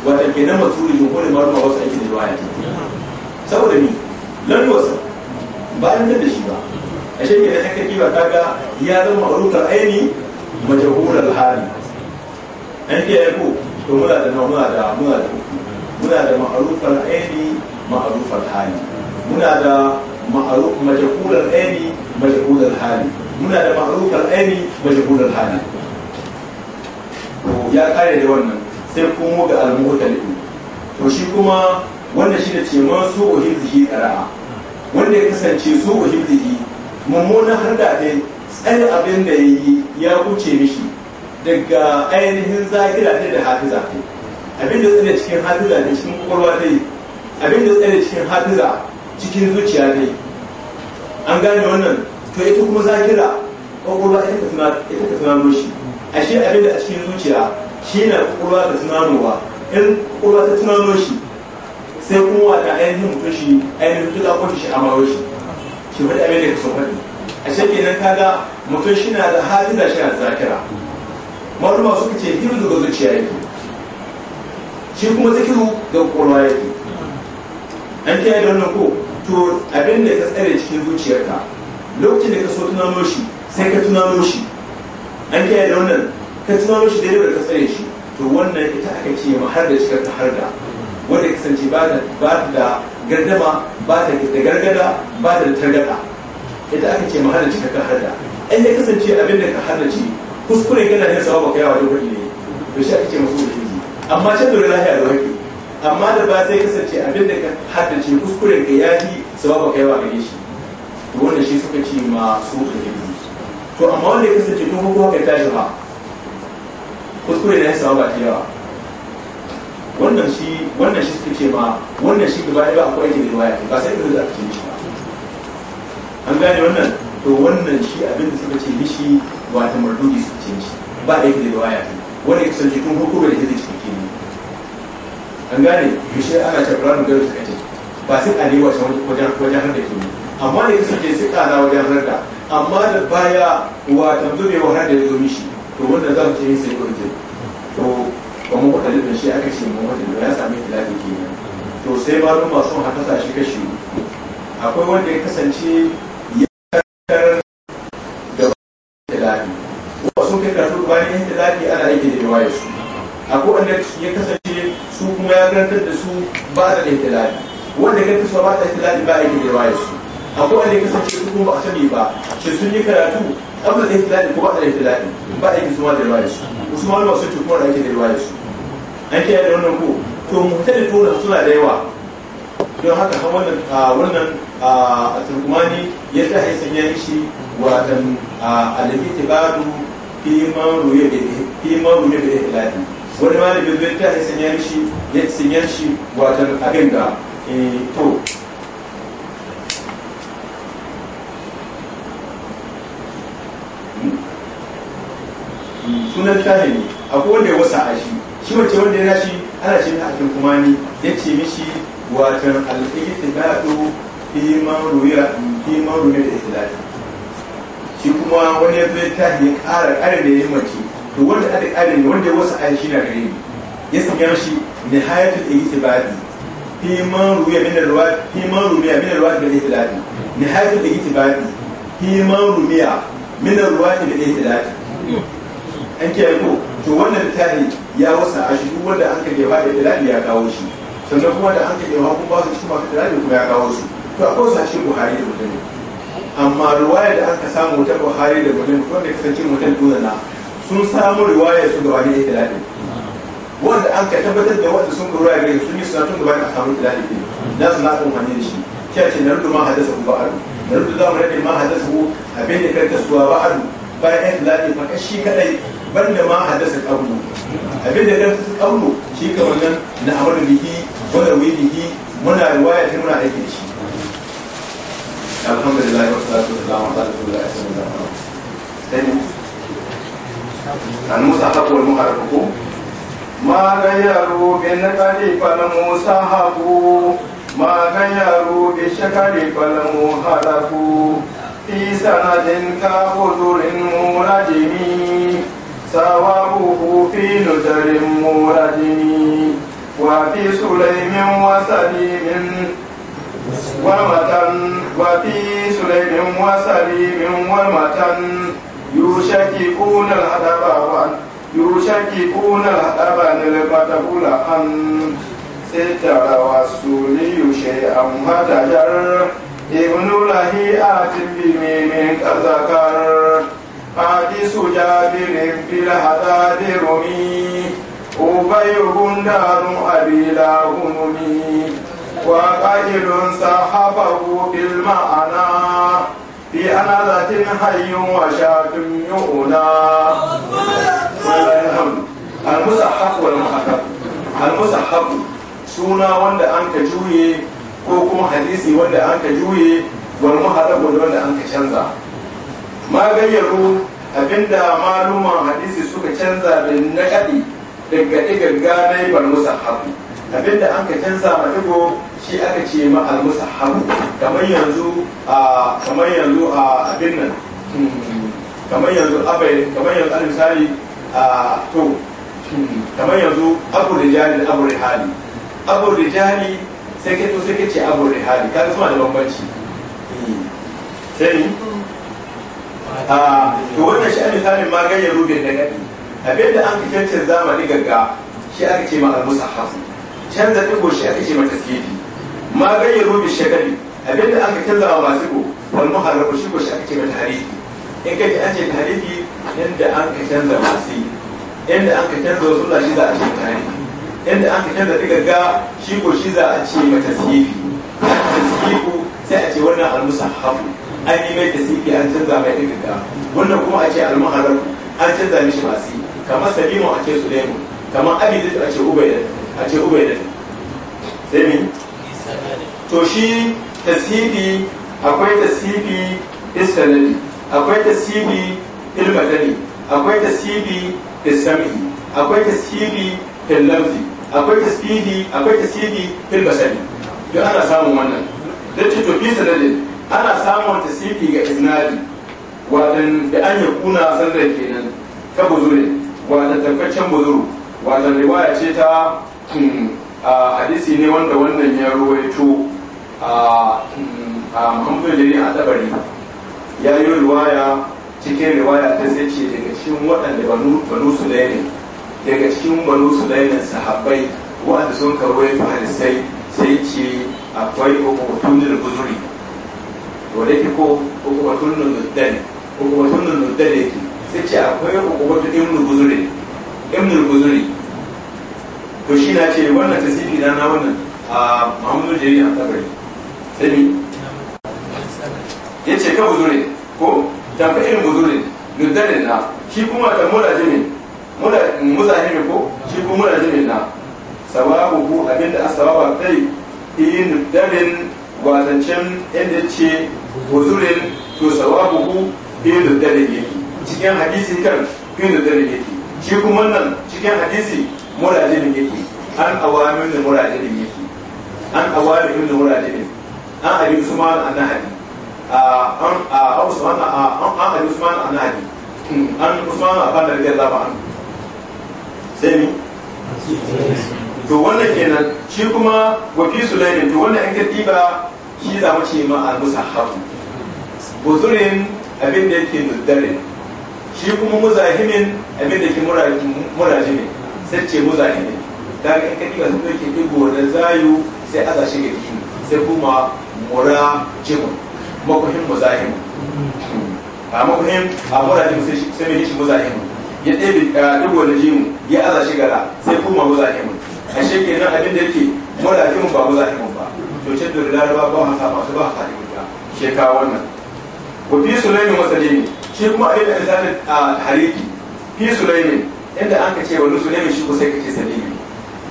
wata kenan musturi jumhurin ma wasu aiki da waya ce saboda ni lan ba da shi ba a shi da ka kiwa ga ya zama ma'rufar aini majahura hali an ke ko to muna da muna da muna da muna da ma'arufar aini ma'arufar hali muna da ma'aruf majahulal aini majahulal hali muna da ma'arufar aini majahulal hali to ya kare da wannan sai kuma ga al-mu'talibi to shi kuma wannan shi ne ce man su'u hizhi qara'a wanda ya kasance so wa hibdihi mummunan harda dai tsare abin da ya yi ya wuce mishi daga ainihin zakira ne da hafiza abin da tsare cikin hafiza ne cikin kwakwalwa ne abin da tsare cikin hafiza cikin zuciya ne an gane wannan to ita kuma zakira kwakwalwa ita ta tunano shi ashe abin da a cikin zuciya shi na kwakwalwa ta tunanowa in kwakwalwa ta tunano shi sai kuma wata ainihin mutum shi ainihin mutum da kwanci shi a maro shi shi faɗi abin da ka faɗi a shekin nan kaga mutum shi na da halin da shi na zakira maruma suka ce hiru ga zuciya yake shi kuma zikiru da ƙwaƙwalwa yake an kiyaye da wannan ko to abin da ka tsare cikin zuciyarka lokacin da ka so tunano shi sai ka tunano shi an kiyaye da wannan ka tunano shi daidai da ka tsare shi to wannan ita aka ce ma har da shi ka har da wanda ya kasance ba da gardama ba da gargada ba da targada idan aka ce mahalarci ka harda in ya kasance abin da ka ci kuskure kana ne sawa baka yawa duka ne to shi aka ce masu ulhizi amma can da lahiya da wake amma da ba sai kasance abin da ka ci kuskure ka yafi sawa baka yawa gare shi to wanda shi suka ce masu ulhizi to amma wanda ya kasance kuma kuma ka tashi ba kuskure na yi sawa ba yawa wannan shi wannan shi suke ce ma wannan shi gaba ɗaya ba akwai yake da riwaya ba sai da ake ka ba an gane wannan to wannan shi abin da suka ce mishi wata mardudi suka ce mishi ba da yake da riwaya wani ya kusanci tun hukumar da ke da cikin kini an gane shi ana ce ƙuranu gari suka ce ba sai a lewa wajen wajen har da ni amma da ya ke sai ƙara wajen har da amma da baya wata zubewa har da ya zo mishi to wannan za mu ce sai sai kurje kuma mu kuɗa da shi aka ce mu da ya sami tilafi kenan to sai malum masu haddasa shi kashi akwai wanda ya kasance ya kar da tilafi wasu kai karatu bayan tilafi ana aiki da riwaya su akwai wanda ya kasance su kuma ya karantar da su ba da tilafi wanda ya karantar su ba da tilafi ba aiki da riwaya su akwai wanda ya kasance su kuma ba a sani ba ce sun yi karatu amma da ihtilali ko ba da ihtilali ba aiki su ma da riwaya su usman ba su ce kuma da aiki da riwaya su an kiyaye da wannan ko to da tona suna da yawa don haka har wannan wannan a turkumani ya ta haisan ya yi shi watan a alifi fi gado ruya bi fi man ruya bi ilahi wani da bebe ta haisan ya yi shi ya sanya shi watan abin da e, to hmm? sunan tahini akwai wanda ya wasa a shi shi wace wanda ya nashi ana ce na akin kuma ni ya ce mishi watan al-ihtidadu fi ɗo ruya fi man ruya da ihtidadu shi kuma wani ya zai ta ya ƙara ƙarin da ya yi mace to wanda aka da ne wanda ya wasu ayi shi na gare ni ya sanya shi nihayatul ihtibadi fi ba ruya ɗi al-ruwa fi man ruya min al-ruwa da ihtidadu nihayatul ba fi man ruya min al-ruwa da ihtidadu an kiyaye ko to wannan yi. ya wasa a shi duk wanda an kaje ba da dalali ya kawo shi sannan kuma da an kaje ba kuma ba su cikin masu dalali kuma ya kawo su to akwai wasu shi buhari da mutum amma riwaya da aka samu ta buhari da mutum ko da kasance mutum dozana sun samu riwaya su da wani ikhtilafi wanda an ka tabbatar da wanda sun riwaya gari sun yi sunatun da bayan a samu ne. na su na amfani da shi kya ce na rudu ma hadasa ku ba'adu na rudu za mu rade ma hadasa ku abin da karkasuwa ba'adu bayan ikhtilafi fa shi kadai ban da ma haddasa qablu abin da dan qablu shi kamar nan na amara bihi wa rawi bihi muna riwaya ta muna aiki da shi alhamdulillah wa salatu wa salam ala rasulillah sallallahu alaihi wasallam المصحف والمحرك ما غيروا بالنقل فالمصحف ما غيروا بالشكل فالمحرك في سند كحضور مرجمين سواؤه في نزل مورد وفي سليم وسليم والمتن وفي سليم وسليم والمتن يشككون الهدب يشككون الهدب للمتبول أن ستر والسولي شيئا متجر ابن لهيئة بميم كذكر mafi soja bilen fila a da abila hunmi wa ka'ilun sahafa ko bilma ana bi anan latin hanyar mu a shafin yona. alimus' haku walimu suna wanda an ka juye ko wanda an ka juye walimu haka ta kodewa da an canza. ma gayyaru abinda maluman hadisi suka canza da naƙaɗi daga ɗigarga na yi bal musahabu abinda an ka canza ma ɗigo shi aka ce ma al musahabu kamar yanzu a kamar yanzu a abin nan kamar yanzu abai kamar yanzu al misali a to kamar yanzu abu hmm, rijali da abu rihali abu rijali sai ka to sai ka ce abu rihali kaga suna da bambanci hmm. sai Ah, to wannan shi an misalin ma gayyar rubin da gadi abin da an fitar zamani gagga shi aka ce ma al-musahaf canza digo shi aka ce ma tasgidi ma gayyar rubin shagari abin da aka canza wa masu ko wal muharrabu shi ko shi aka ce ma tarihi in ka an ce tarihi inda an ka canza masu inda an ka canza wasu shi za a ce tarihi inda an ka canza gagga shi ko shi za a ce ma tasgidi tasgidu sai a ce wannan al-musahaf an yi mai da siki an canza mai ɗiga wannan kuma a ce almaharar an canza mishi masu kamar sabino a ce sulaimu kamar abidu a ce ubaidan a ce ubaidan sai mi to shi tasiri akwai tasiri istanadi akwai tasiri ilmatani akwai tasiri istami akwai tasiri illamfi akwai tasiri akwai tasiri ilmatani don ana samun wannan don ce to fi sanadin ana samun ta ga isnadi wadan da an yi kuna sandar kenan ta buzure wadan tabbacin buzuru wadan riwaya ce ta hmm, hadisi ne wanda wannan ya ruwaito hmm, a muhammadu jari a tabari ya yi riwaya cikin riwaya ta sai ce daga cikin waɗanda banu su ne daga cikin banu su ne sahabbai waɗanda sun karuwa hadisai sai ce akwai hukuntun da buzuri wanda ke ko hukumatun nuddani hukumatun nuddani yake sai ce akwai hukumatun ibnu guzuri ibnu guzuri to shi na ce wannan tasiri na na wannan a muhammadu jari a tabari sai mi ya ce ka guzuri ko tambayin guzuri nuddani na shi kuma ta mura jimin mura muzahimi ko shi kuma mura jimin na sawabu ko abinda a asawaba kai in nuddani watancin inda ce guzurin to ku bin da yake cikin hadisi kan bin da yake shi kuma nan cikin hadisi da yake an awamin da murajin yake an awamin da murajin an abi usman anahadi an a usman an abi usman anahadi an usman afan da radiyallahu anhu sai ni to wannan kenan shi kuma wa fi sulaimin to wannan an ka shi za mu ce ma al-musahhabu buzurin abin da yake nuddare shi kuma muzahimin abin da ke murajimin sai ce muzahimin da ga in kadi wasu yake ɗigo da zayu sai aza shi ga jiki sai kuma murajimin makuhin muzahimin a makuhin a murajimin sai mai shi muzahimin ya ɗaya eh, ɗigo da jimu ya aza shi gara sai kuma muzahimin a shekenan abin da yake murajimin ba muzahimin ba to ce da laraba ba ma saba su ba ta da guda ke kawo wannan wa fi sulaimin wasalimi shi kuma a yadda insani a hariki fi sulaimin inda an ka ce wani sulaimin shi ko sai ka ce salimi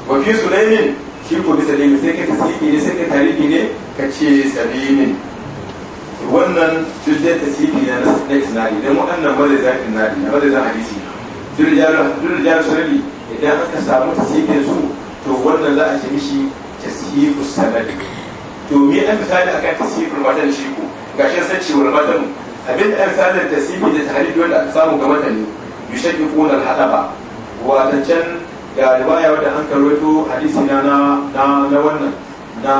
wa fi sulaimin shi ko bi salimi sai ka tasiki ne sai ka tariki ne ka ce salimin wannan duk ta tasiki na na isnadi dan waɗannan ba zai zafi na nadi ba zai zafi hadisi duk da jaru sarari idan aka samu tasikin su to wannan za a ce mishi tasihiku sanadi to me an misali kan tasifin matan shi ko gashin sai cewar matan abin da misalin tasifi da tahrij wanda aka samu ga matan yushaki kunan hadaba wata can ga riwaya wadda an karwato hadisi na na na wannan na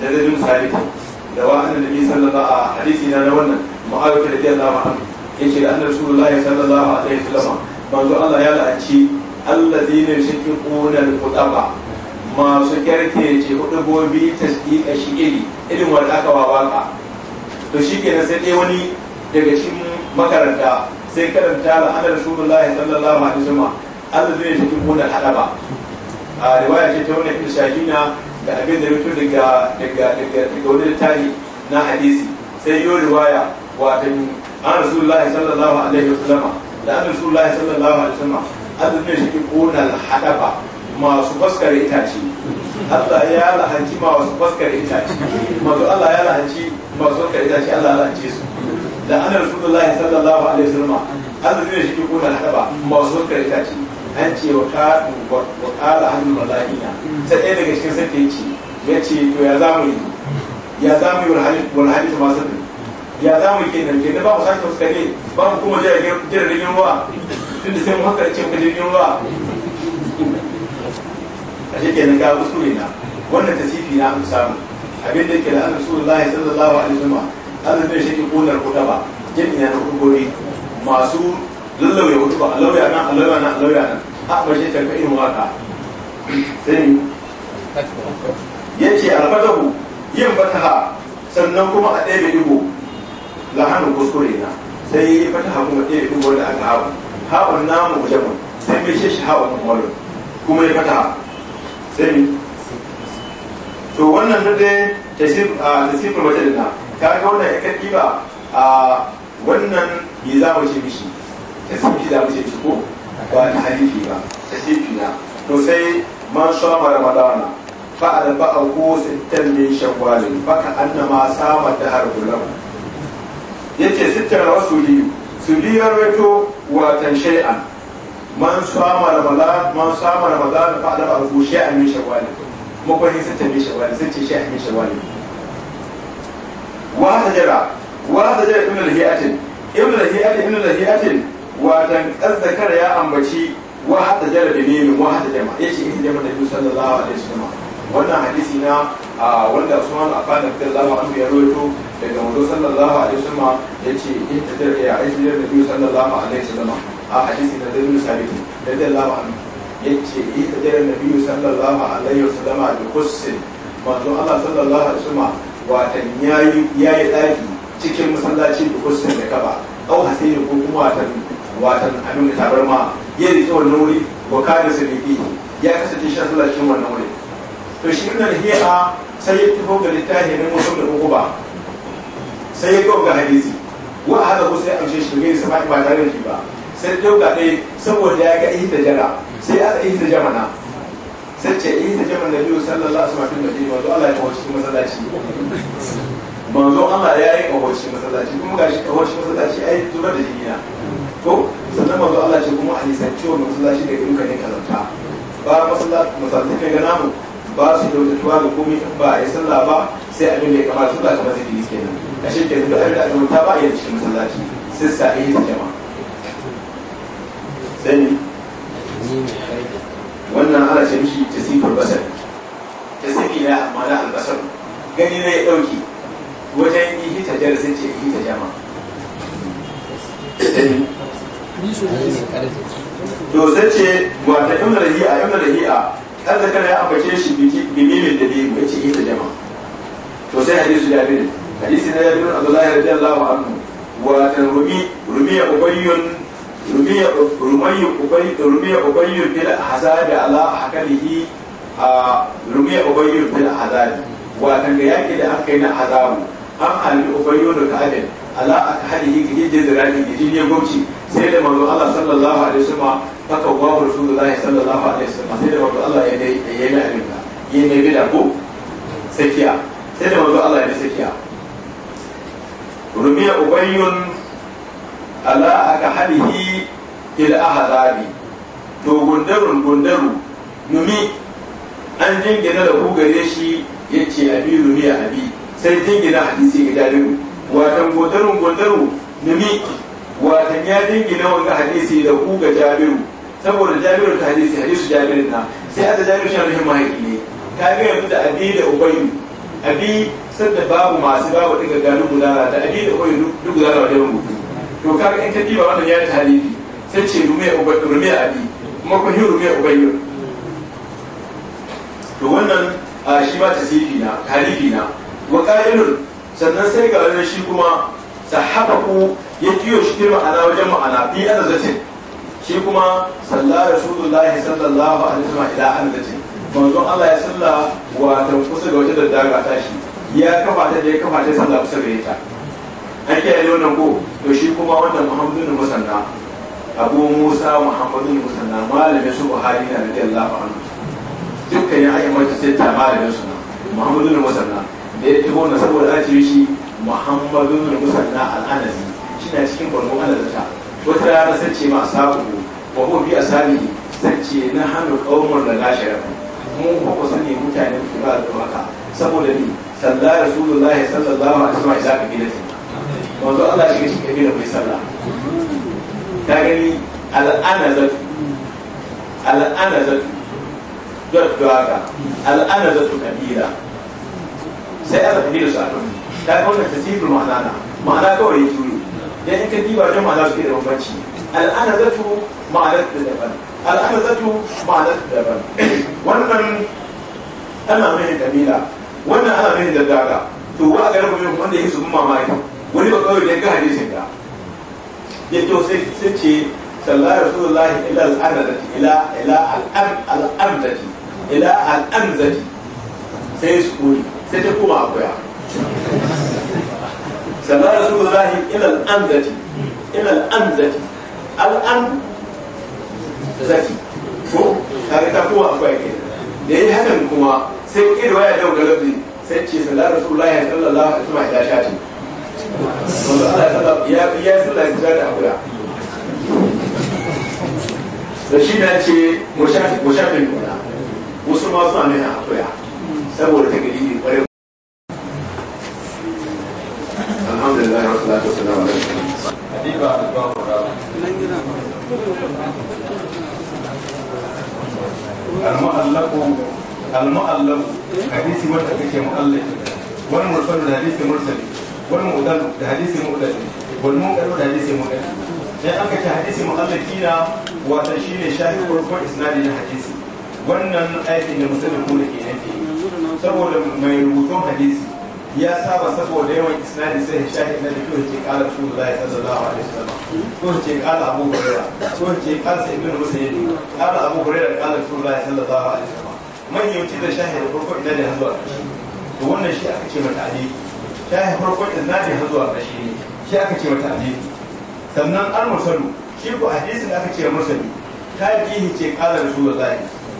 da zai misali da wa annabi sallallahu alaihi hadisi na na wannan mu'awiyah radiyallahu anhu yake da annabi sallallahu sallallahu alaihi wasallam manzo Allah ya la'anci alladhina yushaqiquna kunar qutaba masu kyarke ce hudu gobi shi iri irin wanda aka wa waka to ke sai dai wani daga cikin makaranta sai karanta la ana lahi sallallahu alaihi wasallam Allah zai shi kin hada ba a riwaya ce ta wani shahina da abin da rubutu daga daga daga daga wani tari na hadisi sai yo riwaya wa ta an rasulullahi sallallahu alaihi wasallam da an rasulullahi sallallahu alaihi an Allah zai shi kin mona hadaba masu faskar itace Allah ya lahanci masu faskar itace masu Allah ya lahanci masu faskar itace Allah ya lahanci su da an rasulullahi sallallahu alaihi wasallam Allah zai shi ko da haba masu faskar itace an ce wa ka wa qala hannun malaika ta ɗaya daga cikin sarki yace yace to ya zamu yi ya zamu yi wal ta masu ya zamu kenan kenan ba mu sake fuskare ba mu kuma jirgin ruwa tunda sai mu haka ce mu jirgin ruwa ashe shi kenan ga usuri na wannan tasifi na aka samu abin da yake da an rasu rasulullahi sallallahu alaihi wasallam an zai shi ke kona kota ba hudaba jami'a na hudubori masu lallawa ya huduba alauya nan alauya nan alauya na a ba shi kai mu waka sai yace albatahu yin fataha sannan kuma a ɗaya digo lahanin kuskure na sai ya fataha kuma ɗaya digo da aka hawa hawan namu jamun sai mai shi hawan kuma kuma ya fataha sai to wannan ah, da dai tasifin wata dina ta ga wannan ya kakki ba a ah, wannan me za mu ce mishi tasifi za mu ce mishi ko ba ta halifi ba tasifi na to sai man shama ramadana fa'ala ba'ahu sittan min shawwalin ka annama sama da harbulan yace sittan rasuli su wato watan shay'an man sama ramadan man sama ramadan fa da abu shay'an min shawwal makwani sai ta bi shawwal sai ce shay'an min shawwal wa hajara wa hajara ibn al-hiyatin ibn al-hiyatin ibn al-hiyatin wa dan kazzakar ya ambaci wa hajara da ne wa in wannan hadisi na a wanda Usman Affan radiyallahu anhu ya rawaito daga manzo sallallahu alaihi wasallam ce in da ya aisha da sallallahu alaihi wasallam a hadisi da zai musa biyu da zai lawa an yace yi hajjar nabi sallallahu alaihi wasallama da kussin manzo allah sallallahu alaihi wasallama watan ya yi ɗaki cikin masallaci da kussin da kaba au hasiri ko kuma watan watan abin da tabarma ya rike wannan wuri wa kada sirriki ya kasance shi masallacin wannan wuri to shi ibn al-hiya sai ya tafi ga littafi na musulmi da ba sai ya ga hadisi wa hada ko sai an amshe shi ga sabaki ba tare da shi ba sai dauka ɗaya saboda ya ga ihta jara sai ya ihta jamana sai ce ihta jaman da biyu sallallahu alaihi wasallam da biyu manzo Allah ya kawo cikin masallaci manzo Allah ya yi kawo cikin masallaci kuma shi kawo cikin masallaci yi zubar da jini na ko sannan manzo Allah ce kuma a nisanci wa masallaci da irin kanin kalanta ba masallaci masallaci kai ga namu ba su tuwa da komai ba a yi sallah ba sai abin da ya kamata sallah kamar zikiri kenan a shi ke zuba da ta ba a yi cikin masallaci sai sa a yi jama'a sani wannan ana ce mishi sifar basar tasifi na ma'ana albasar gani na ya dauke wajen yi hita jar sun ce yi hita jama to sai ce wata ibn rahi'a ibn rahi'a kan na ya ambace shi bimimin da bi ya ce yi jama to sai hadisu jabir hadisi na jabir abdullahi radiyallahu anhu wa ta rumi ya ubayyun rumiya rumayyu ubay rumiya ubayyu bil hazadi ala hakalihi rumiya ubayyu bil hazadi wa kan ga yaki da an kai na hazamu an halli ubayyu da kadin ala akalihi gidi da zirani gidi ne gwamci sai da manzo Allah sallallahu alaihi wasallam haka wa rasulullahi sallallahu alaihi wasallam sai da manzo Allah ya dai ya yi abin ya ne bi da ko sakiya sai da manzo Allah ya sakiya rumiya ubayyun Allah aka halihi il ahzabi to gundarun gundaru numi an jingina da ku gare shi yace abi numi abi sai jingina hadisi ga dalin watan gundarun gundaru numi watan ya jingina wanga hadisi da ku ga jabiru saboda jabiru ta hadisi hadisu jabirin na sai aka jabiru shi rahimu mahaifi ne ta ga yanzu da abi da ubayu abi sanda babu masu babu ɗin ga gano da abi da ubayu duk gudara wajen rubutu to kaga in ka diba wannan ya yi tarihi sai ce rumiya ubai rumiya abi kuma ko hin rumiya ubai to wannan shi ma sifi na tarihi na wa qailun sannan sai ga wannan shi kuma sahabahu ya kiyo shi ke ma'ana wajen ma'ana bi ana zace shi kuma sallah rasulullahi sallallahu alaihi wasallam ila an zace manzon Allah ya salla wa ta kusa ga wata daddaga tashi ya kafa ta da ya kafa ta sallah kusa ga ita an kiyaye da wannan ko to shi kuma wannan muhammadun musanna abu musa muhammadun musanna malamin su buhari na da Allah anhu dukkan ya ayyama ta sai ta malamin su muhammadun musanna da ya taho na saboda a ce shi muhammadun musanna al-anasi shi na cikin barno alalata wata rana sai ce ma sabu wa ko bi asali sai ce na hanu kaumar da lashara mun ko sani mutane ku ba da haka saboda ni sallallahu rasulullahi sallallahu alaihi wasallam ya ka gidansa wanzu Allah shiga shi kabila mai sallah ta gani al'ana zatu al'ana zatu dot al'ana zatu kabila sai aka kabila su akan ta kauna tasirul ma'ana na ma'ana kawai ya turi dan in ka diba don ma'ana su da bambanci al'ana zatu ma'ana da daban al'ana zatu ma'ana da daban wannan ana mai kabila wannan ana mai da daga to wa ga rubutu wanda yake su mamaki wani ba kawai ka ga hadisin ga ya to sai sai ce sallallahu rasulullahi ila al-ardati ila ila al-ardati ila al-amzati sai su kuri sai ta koma akwaya sallallahu rasulullahi ila al-amzati ila al-amzati al-am zati ko kaga ta kuma akwaya ke da yayi hakan kuma sai kirwaya da galabi sai ce sallallahu rasulullahi sallallahu alaihi wasallam ya shati ya ya sallah da shi na ce mushafin nuna wasu masu amina akuya saboda ta gari kwarai alhamdulillah wa salatu wassalamu alaikum habiba al-bawra al-mu'allaq hadisi wanda kake mu'allaq wani mursalin hadisi mursali wal mu'dal da hadisi mu'dal wal munqal da hadisi munqal dan aka ce hadisi mu'dal kina wato shine shahi farko isnadi na hadisi wannan aiki da musulmi ko ke nake saboda mai rubutun hadisi ya saba saboda yawan isnadi sai shahi na da kuma ce kala rasulullahi sallallahu alaihi wasallam ko ce kala abu hurairah ko ce kala ibn musayyib kala abu hurairah kala rasulullahi sallallahu alaihi wasallam man yauci da shahi da farko idan ya zuwa to wannan shi aka ce mata aliki shahi farko da na ne zuwa ƙashi ne shi aka ce wata hadisi sannan an musallu shi ko da aka ce mursali tabihi ce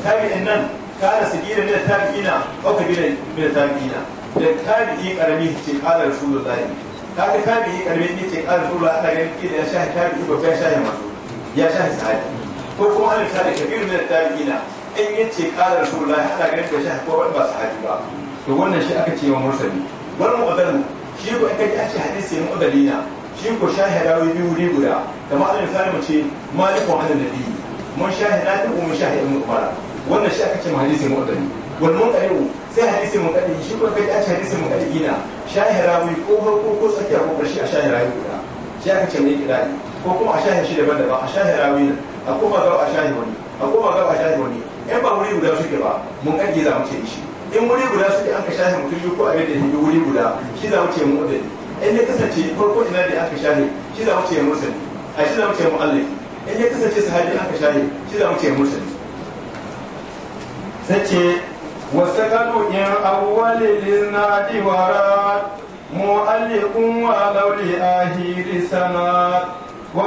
ta yi in nan kana da ne tabi'ina ko kabila ne tabi'ina da tabi'i karami ce ta yi ta yi karami ne ce su da ana ganin kida ya shahi yi ko ya shahi masu ya shahi sa'adi ko kuma an ta da kabila ne ina in yace da zai ana ganin ko shahi ko ba sahabi ba to wannan shi aka ce wa mursali wal mu'dal shi ko kai a ce hadisi ne mu'dalina shi ko shahida wa biyu wuri guda kamar alal misali mu ce maliku ala nabi mun shahida din mun shahida mun umara wannan shi aka ce hadisi ne wannan wal munqadi sai hadisi mu'dali shi ko kai a ce hadisi mu'dalina shahira wa ko farko ko sai ya ko shi a shahira guda shi aka ce ne kidai ko kuma a shahira shi daban-daban a shahira wai a kuma ga a shahira wani a kuma ga a shahira wani in ba wuri guda suke ba mun kaje za mu ce shi in wuri guda suke aka ka shahe mutum biyu ko abin da yi wuri guda shi za mu ce mu da in ya kasance farko ina da aka shahe shi za mu ce mursali a shi za mu ce mu'allif in ya kasance sahabi aka shahe shi za mu ce mu sai ce wasu in awwali mu wara mu'alliqun wa lauli ahiri sana wa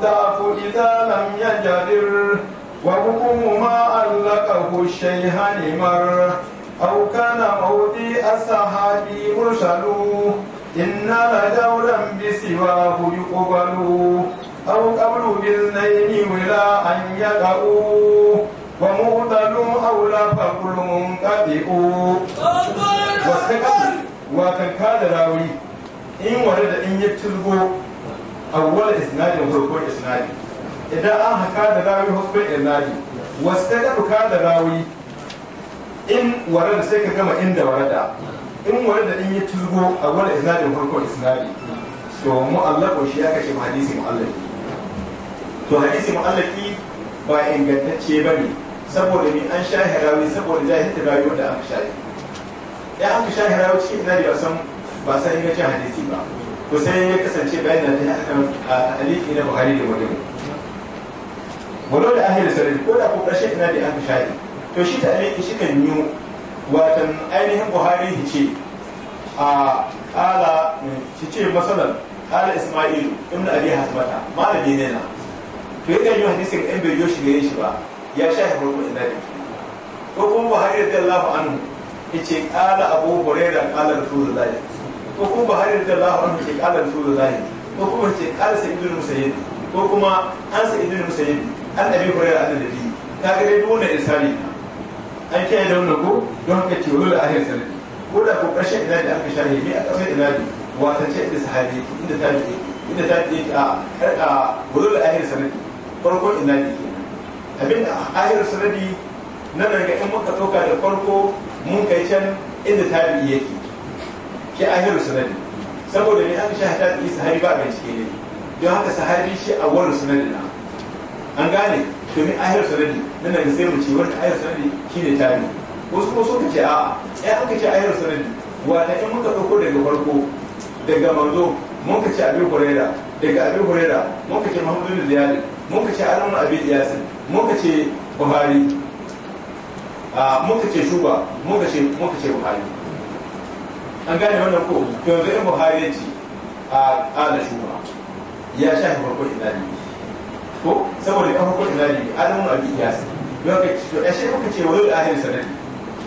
ta dafu idza lam yajadir وحكم ما علقه الشيخان مر أو كان موضي الصحابي مرسل إن لدولا بسواه يقبل أو قبل بالنين ولا أن يقعوا ومعضل أو لفق منقطع واستقل وتنكاد راوي إن ورد إن يتلقوا أول إسناد وهو إسناد idan an haka da rawi husbin irnadi wasu ta buka da rawi in da sai ka gama inda da in da in yi tuzgo a wani isnadin da isnadi to mu'allaqo shi aka ce hadisi mu'allaqi to hadisi mu'allaqi ba ingantacce ba ne saboda ni an sha rawi saboda hita rayuwar da aka shahi ya aka sha rawi cikin isnadi ba san ba san ingancin hadisi ba ko sai ya kasance bayan da ta alifi na Buhari da wani walau da ahli sarri ko da ko karshe ina da aka shayi to shi ta aliki shi kan yi watan ainihin buhari hice a ala shi ce masalan ala isma'il ibn abi hasbata malami ne na to yakan yi hadisin in bai yoshi gare shi ba ya sha farko ina da ko kuma buhari radiyallahu anhu yace ala abu hurairah qala rasulullahi ko kuma buhari radiyallahu anhu yace qala rasulullahi ko kuma yace qala sayyidul musayyib ko kuma an sayyidul musayyib an abi hurairah da nabi ta ga dai wannan insani an kiyaye da wannan ko don haka ce wani ahir sanadi ko da ko ƙarshen ina da aka shahi bi a ƙasar ina ne wata ce da sahabi inda ta ji inda ta ji a karka wani ahir sanadi farkon ina da abinda ahir sanadi na daga in muka ɗauka da farko mun kai can inda tabi'i yake ke ahiru sanadi saboda ne an shahada da sahabi ba a bincike ne don haka sahabi shi a wurin sanadi na an gane to min sanadi nan da sai mu ce wani ayar sanadi shine tari wasu kuma suka ce a ai aka ce ayar sanadi wata in muka dauko daga farko daga manzo mun ka ce abin huraira daga abin huraira mun ka ce muhammadu bin ziyad mun ka ce alamun abin iyas mun ka ce buhari a mun ka ce shuba mun ka ce mun ka ce buhari an gane wannan ko to yanzu in buhari ya ce a ala shuba ya shafi farko ina ne ko saboda kan hukun da ne an nuna abin ya sa don ka to ashe kuka ce wani ahir sanadi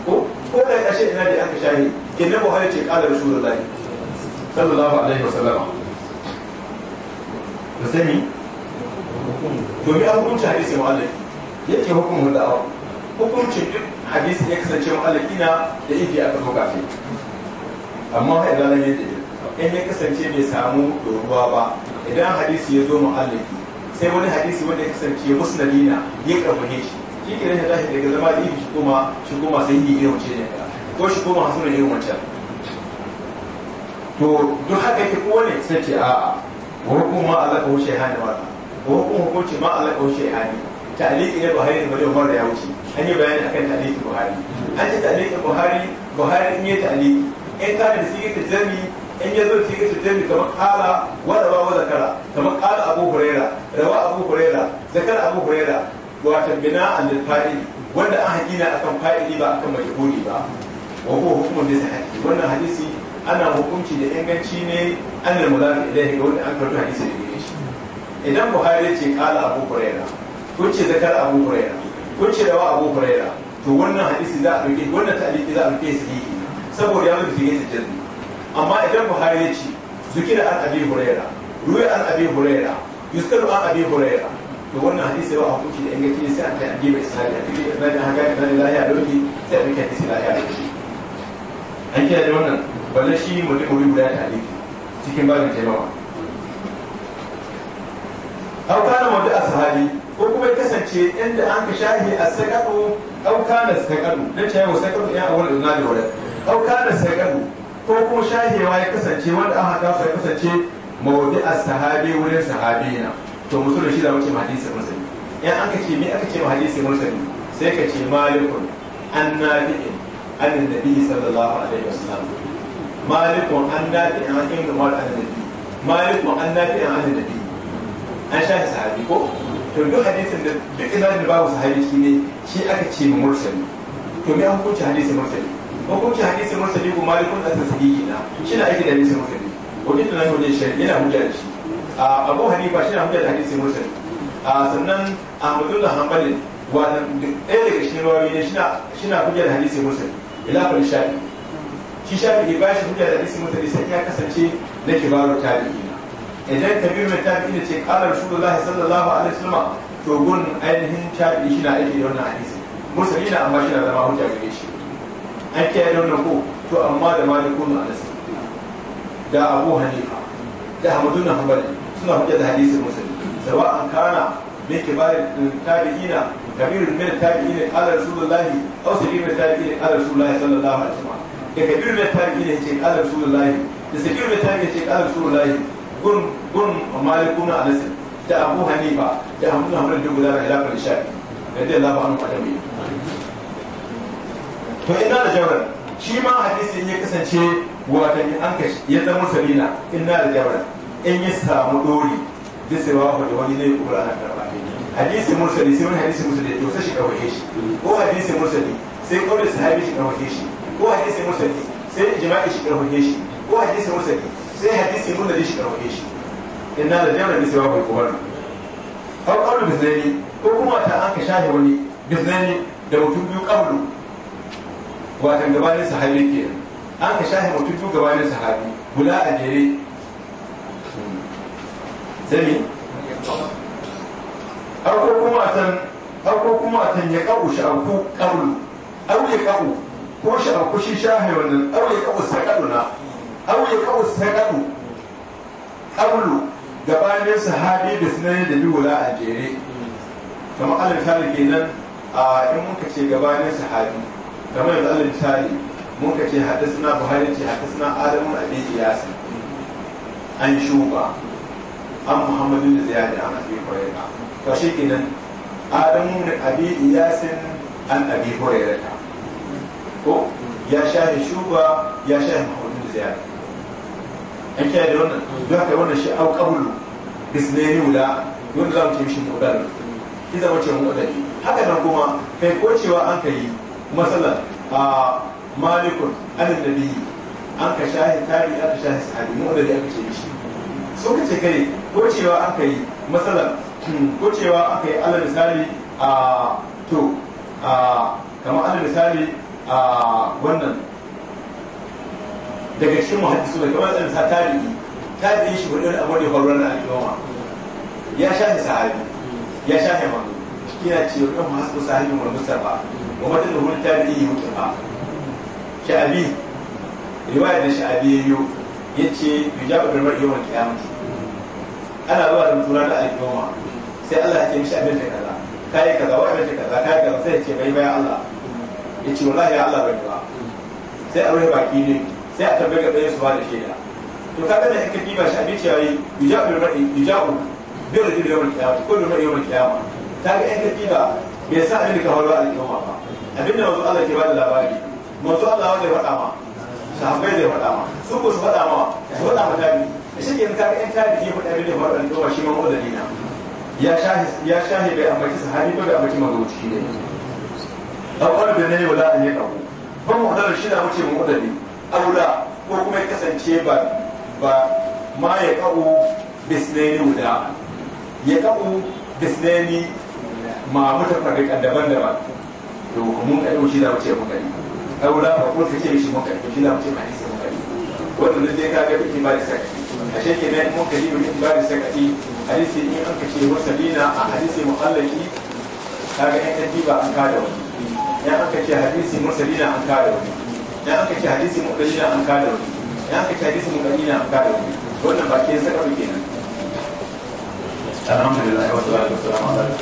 ko ko da ashe da aka shahi kenan buhari ce qala rasulullah sallallahu alaihi wasallam sai ni to bi ta hadisi Allah yake hukumu da awa hukuncin duk hadisi ya kasance Allah ina da idi aka buka shi amma haidalan ne. in ya kasance bai samu doruwa ba idan hadisi ya zo Allah sai wani hadisi wanda ya kasance Nadina ya karfafe shi shi ke rashin tashi daga zama da shi koma shi koma sai yi ne wuce ne ko shi koma hasu ne ne wancan to duk haka yake kowane sai ce a'a wa ma Allah ka wuce hani wa kuma ko hukunci ma Allah ka wuce hani aliki ne Buhari da Bari Umar da ya wuce an yi bayani akan ta aliki Buhari an ce aliki Buhari Buhari ne aliki in ka da sigir ta jami in ya zo cikin sujjani kamar kala wa rawa wa zakara kamar kala abu rawa abu zakara abu huraira wato bina an wanda an hakina akan fa'ili ba akan majhuli ba wa hukumar da da sahihi wannan hadisi ana hukunci da inganci ne an da mulafi ilaihi ga wanda an karɓi hadisi idan ce ce ce rawa to wannan hadisi wannan amma idan buhari ya ce zuki da an abi huraira ruwa an abi huraira yuskaru an abi huraira to wannan hadisi ba hukunci da inganci sai an kai abi bai sai hadisi da bayan haka da lahiya doki sai an kai hadisi lahiya doki an kiyaye da wannan balle shi mutum wuri guda ta hadisi cikin ba babin taimawa au kana wanda ashabi ko kuma kasance inda an ka shahi asaqadu au kana asaqadu dan cewa asaqadu ya awal da wadai au kana asaqadu ko kuma shahewa ya kasance wanda aka kawo ya kasance mawadi a sahabi wurin sahabi na to mutum da shi da wuce hadisi musulmi in aka ce me aka ce ma hadisi musulmi sai ka ce malikun an nafi'in an nabi sallallahu alaihi wasallam malikun an nafi'in an inda mal an nabi malikun an nafi'in an nabi an shahi sahabi ko to duk hadisin da da idan babu sahabi shi ne shi aka ce mursali to me an kuce hadisi mursali hukunci hadisin masali ko malikun da tasbihi na shi na aiki da hadisin masali wajen da nan wajen shari'a yana hujja da shi abu hanifa shi na hujja da hadisin a sannan ahmadu da hanbalin wannan ɗaya daga cikin rawayi ne shi na hujja da hadisin masali ila kun shafi shi shafi ke bashi hujja da hadisin masali sai ya kasance na kibarun tabi'ina idan kabiru mai tabi'ina ce kala rasulullahi sallallahu alaihi wasallam to gun ainihin tabi'i shi na aiki da wannan hadisi musulmi yana amma shi na zama hujja gare shi an kiyaye wannan ko to amma da malikun anas da abu hanifa da hamadun hanbali suna hujja da hadisin muslim sawa'an kana min kibar tabi'ina kabirun min tabi'ina qala rasulullahi aw sabirin min tabi'ina qala rasulullahi sallallahu alaihi wasallam da kabirun min tabi'ina ce qala rasulullahi da sabirin min tabi'ina ce qala rasulullahi gun gun malikun anas da abu hanifa da hamadun hanbali da gudanar da ilafar shafi radiyallahu anhu ajma'in to inna da jawar shi ma hadisi ya kasance watan an kashi ya zama sabila inna da jawar in ya samu dori zai sai wa da wani zai kubura na karba hadisi mursali sai wani hadisi mursali to sai shi kawai shi ko hadisi mursali sai kawai sahabi shi kawai shi ko hadisi mursali sai jima'i shi kawai shi ko hadisi mursali sai hadisi mursali shi kawai shi inna da jabran sai wa da kubura har kawai ko kuma ta an ka wani bisnani da mutum biyu kawai watan gabanin sahabi ke an ka shahe mututu gabanin sahabi bula a jere zami arko kuma tan arko kuma tan ya kawo sha'aku karu au ya kawo ko sha'aku shi shahin wannan au ya kawo sakalu na au ya kawo sakalu kaulu gabanin sahabi da sunan da bula a jere kamar alifar kenan a in muka ce gabanin sahabi kamar yanzu alin tari mun ka ce hadisna buhari ce hadisna adamu abi iyasi an shuba an muhammadu da ziyadi an abi hurairah to shi nan adamu da abi iyasin an abi hurairah ko ya shahi shuba ya shahi muhammadu da ziyadi an kiyaye da wannan duk haka wannan shi au qablu bisnaini wula yadda da za mu ce shi mu'dal ki zama ce mu'dal haka nan kuma kai ko cewa an kai Malikun مالك da biyu an ka shahi tari aka shahi sahabi mu da aka ce shi so ka ce kai ko cewa aka yi matsalar hmm, ko cewa aka yi alal misali a to a kamar alal misali a wannan daga cikin muhaddisu da kamar alal misali ta tari biyu shi wani abu da faruwar na al'umma ya shahi sahabi ya shahi manzo shi ya ce wa kan hasu sahabi mu mustafa ومتن هو التابعي مطلقا شعبي رواية الشعبي يتي يجاب بالمرء يوم القيامة أنا أبغى المطلع اليوم سي الله يتي مش أبنت كذا كاي كذا وأبنت كذا كاي كذا سي يتي بي بي الله يتي والله يا الله بي سي أروح باكيني سي أتبقى بي سؤال الشيء to kaga da haka kima shi abin cewa yujabu mar'i yujabu bil rajul yawm al-qiyamah kullu mar'i yawm al-qiyamah kaga in ka kima bai sa abin da ka horo al-qiyamah ba abinda manzo Allah ke bada labari manzo Allah wani faɗa ma sahabbai zai faɗa ma su ko su faɗa ma su faɗa ma tabi da shi ke yin ka yan tabi ke faɗa abin da faɗa ne kuma shi ma mawdani na ya shahi ya shahi bai ambaci sahabi ba bai ambaci magauci ne akwai da ne wala an yi abu ba mu da shi na wuce mu mawdani aula ko kuma ya kasance ba ba ma ya ka'u bisneni guda ya ka'u bisneni ma mutafarriƙan daban-daban to mun kai shi da wuce mun kai aula ba ko fice shi mun kai shi da wuce ba sai mun kai wannan dai ka ga bikin ba da a ce ke nan mun kai bikin ba da saki hadisi in an kace wasalina a hadisi muqallaki kaga yan kadiba an kada wani ya aka ce hadisi mursalina an kada wani ya aka ce hadisi muqallina an kada wani ya aka ce hadisi muqallina an kada wani wannan ba ke saka kenan alhamdulillah wa salatu wa salam ala rasul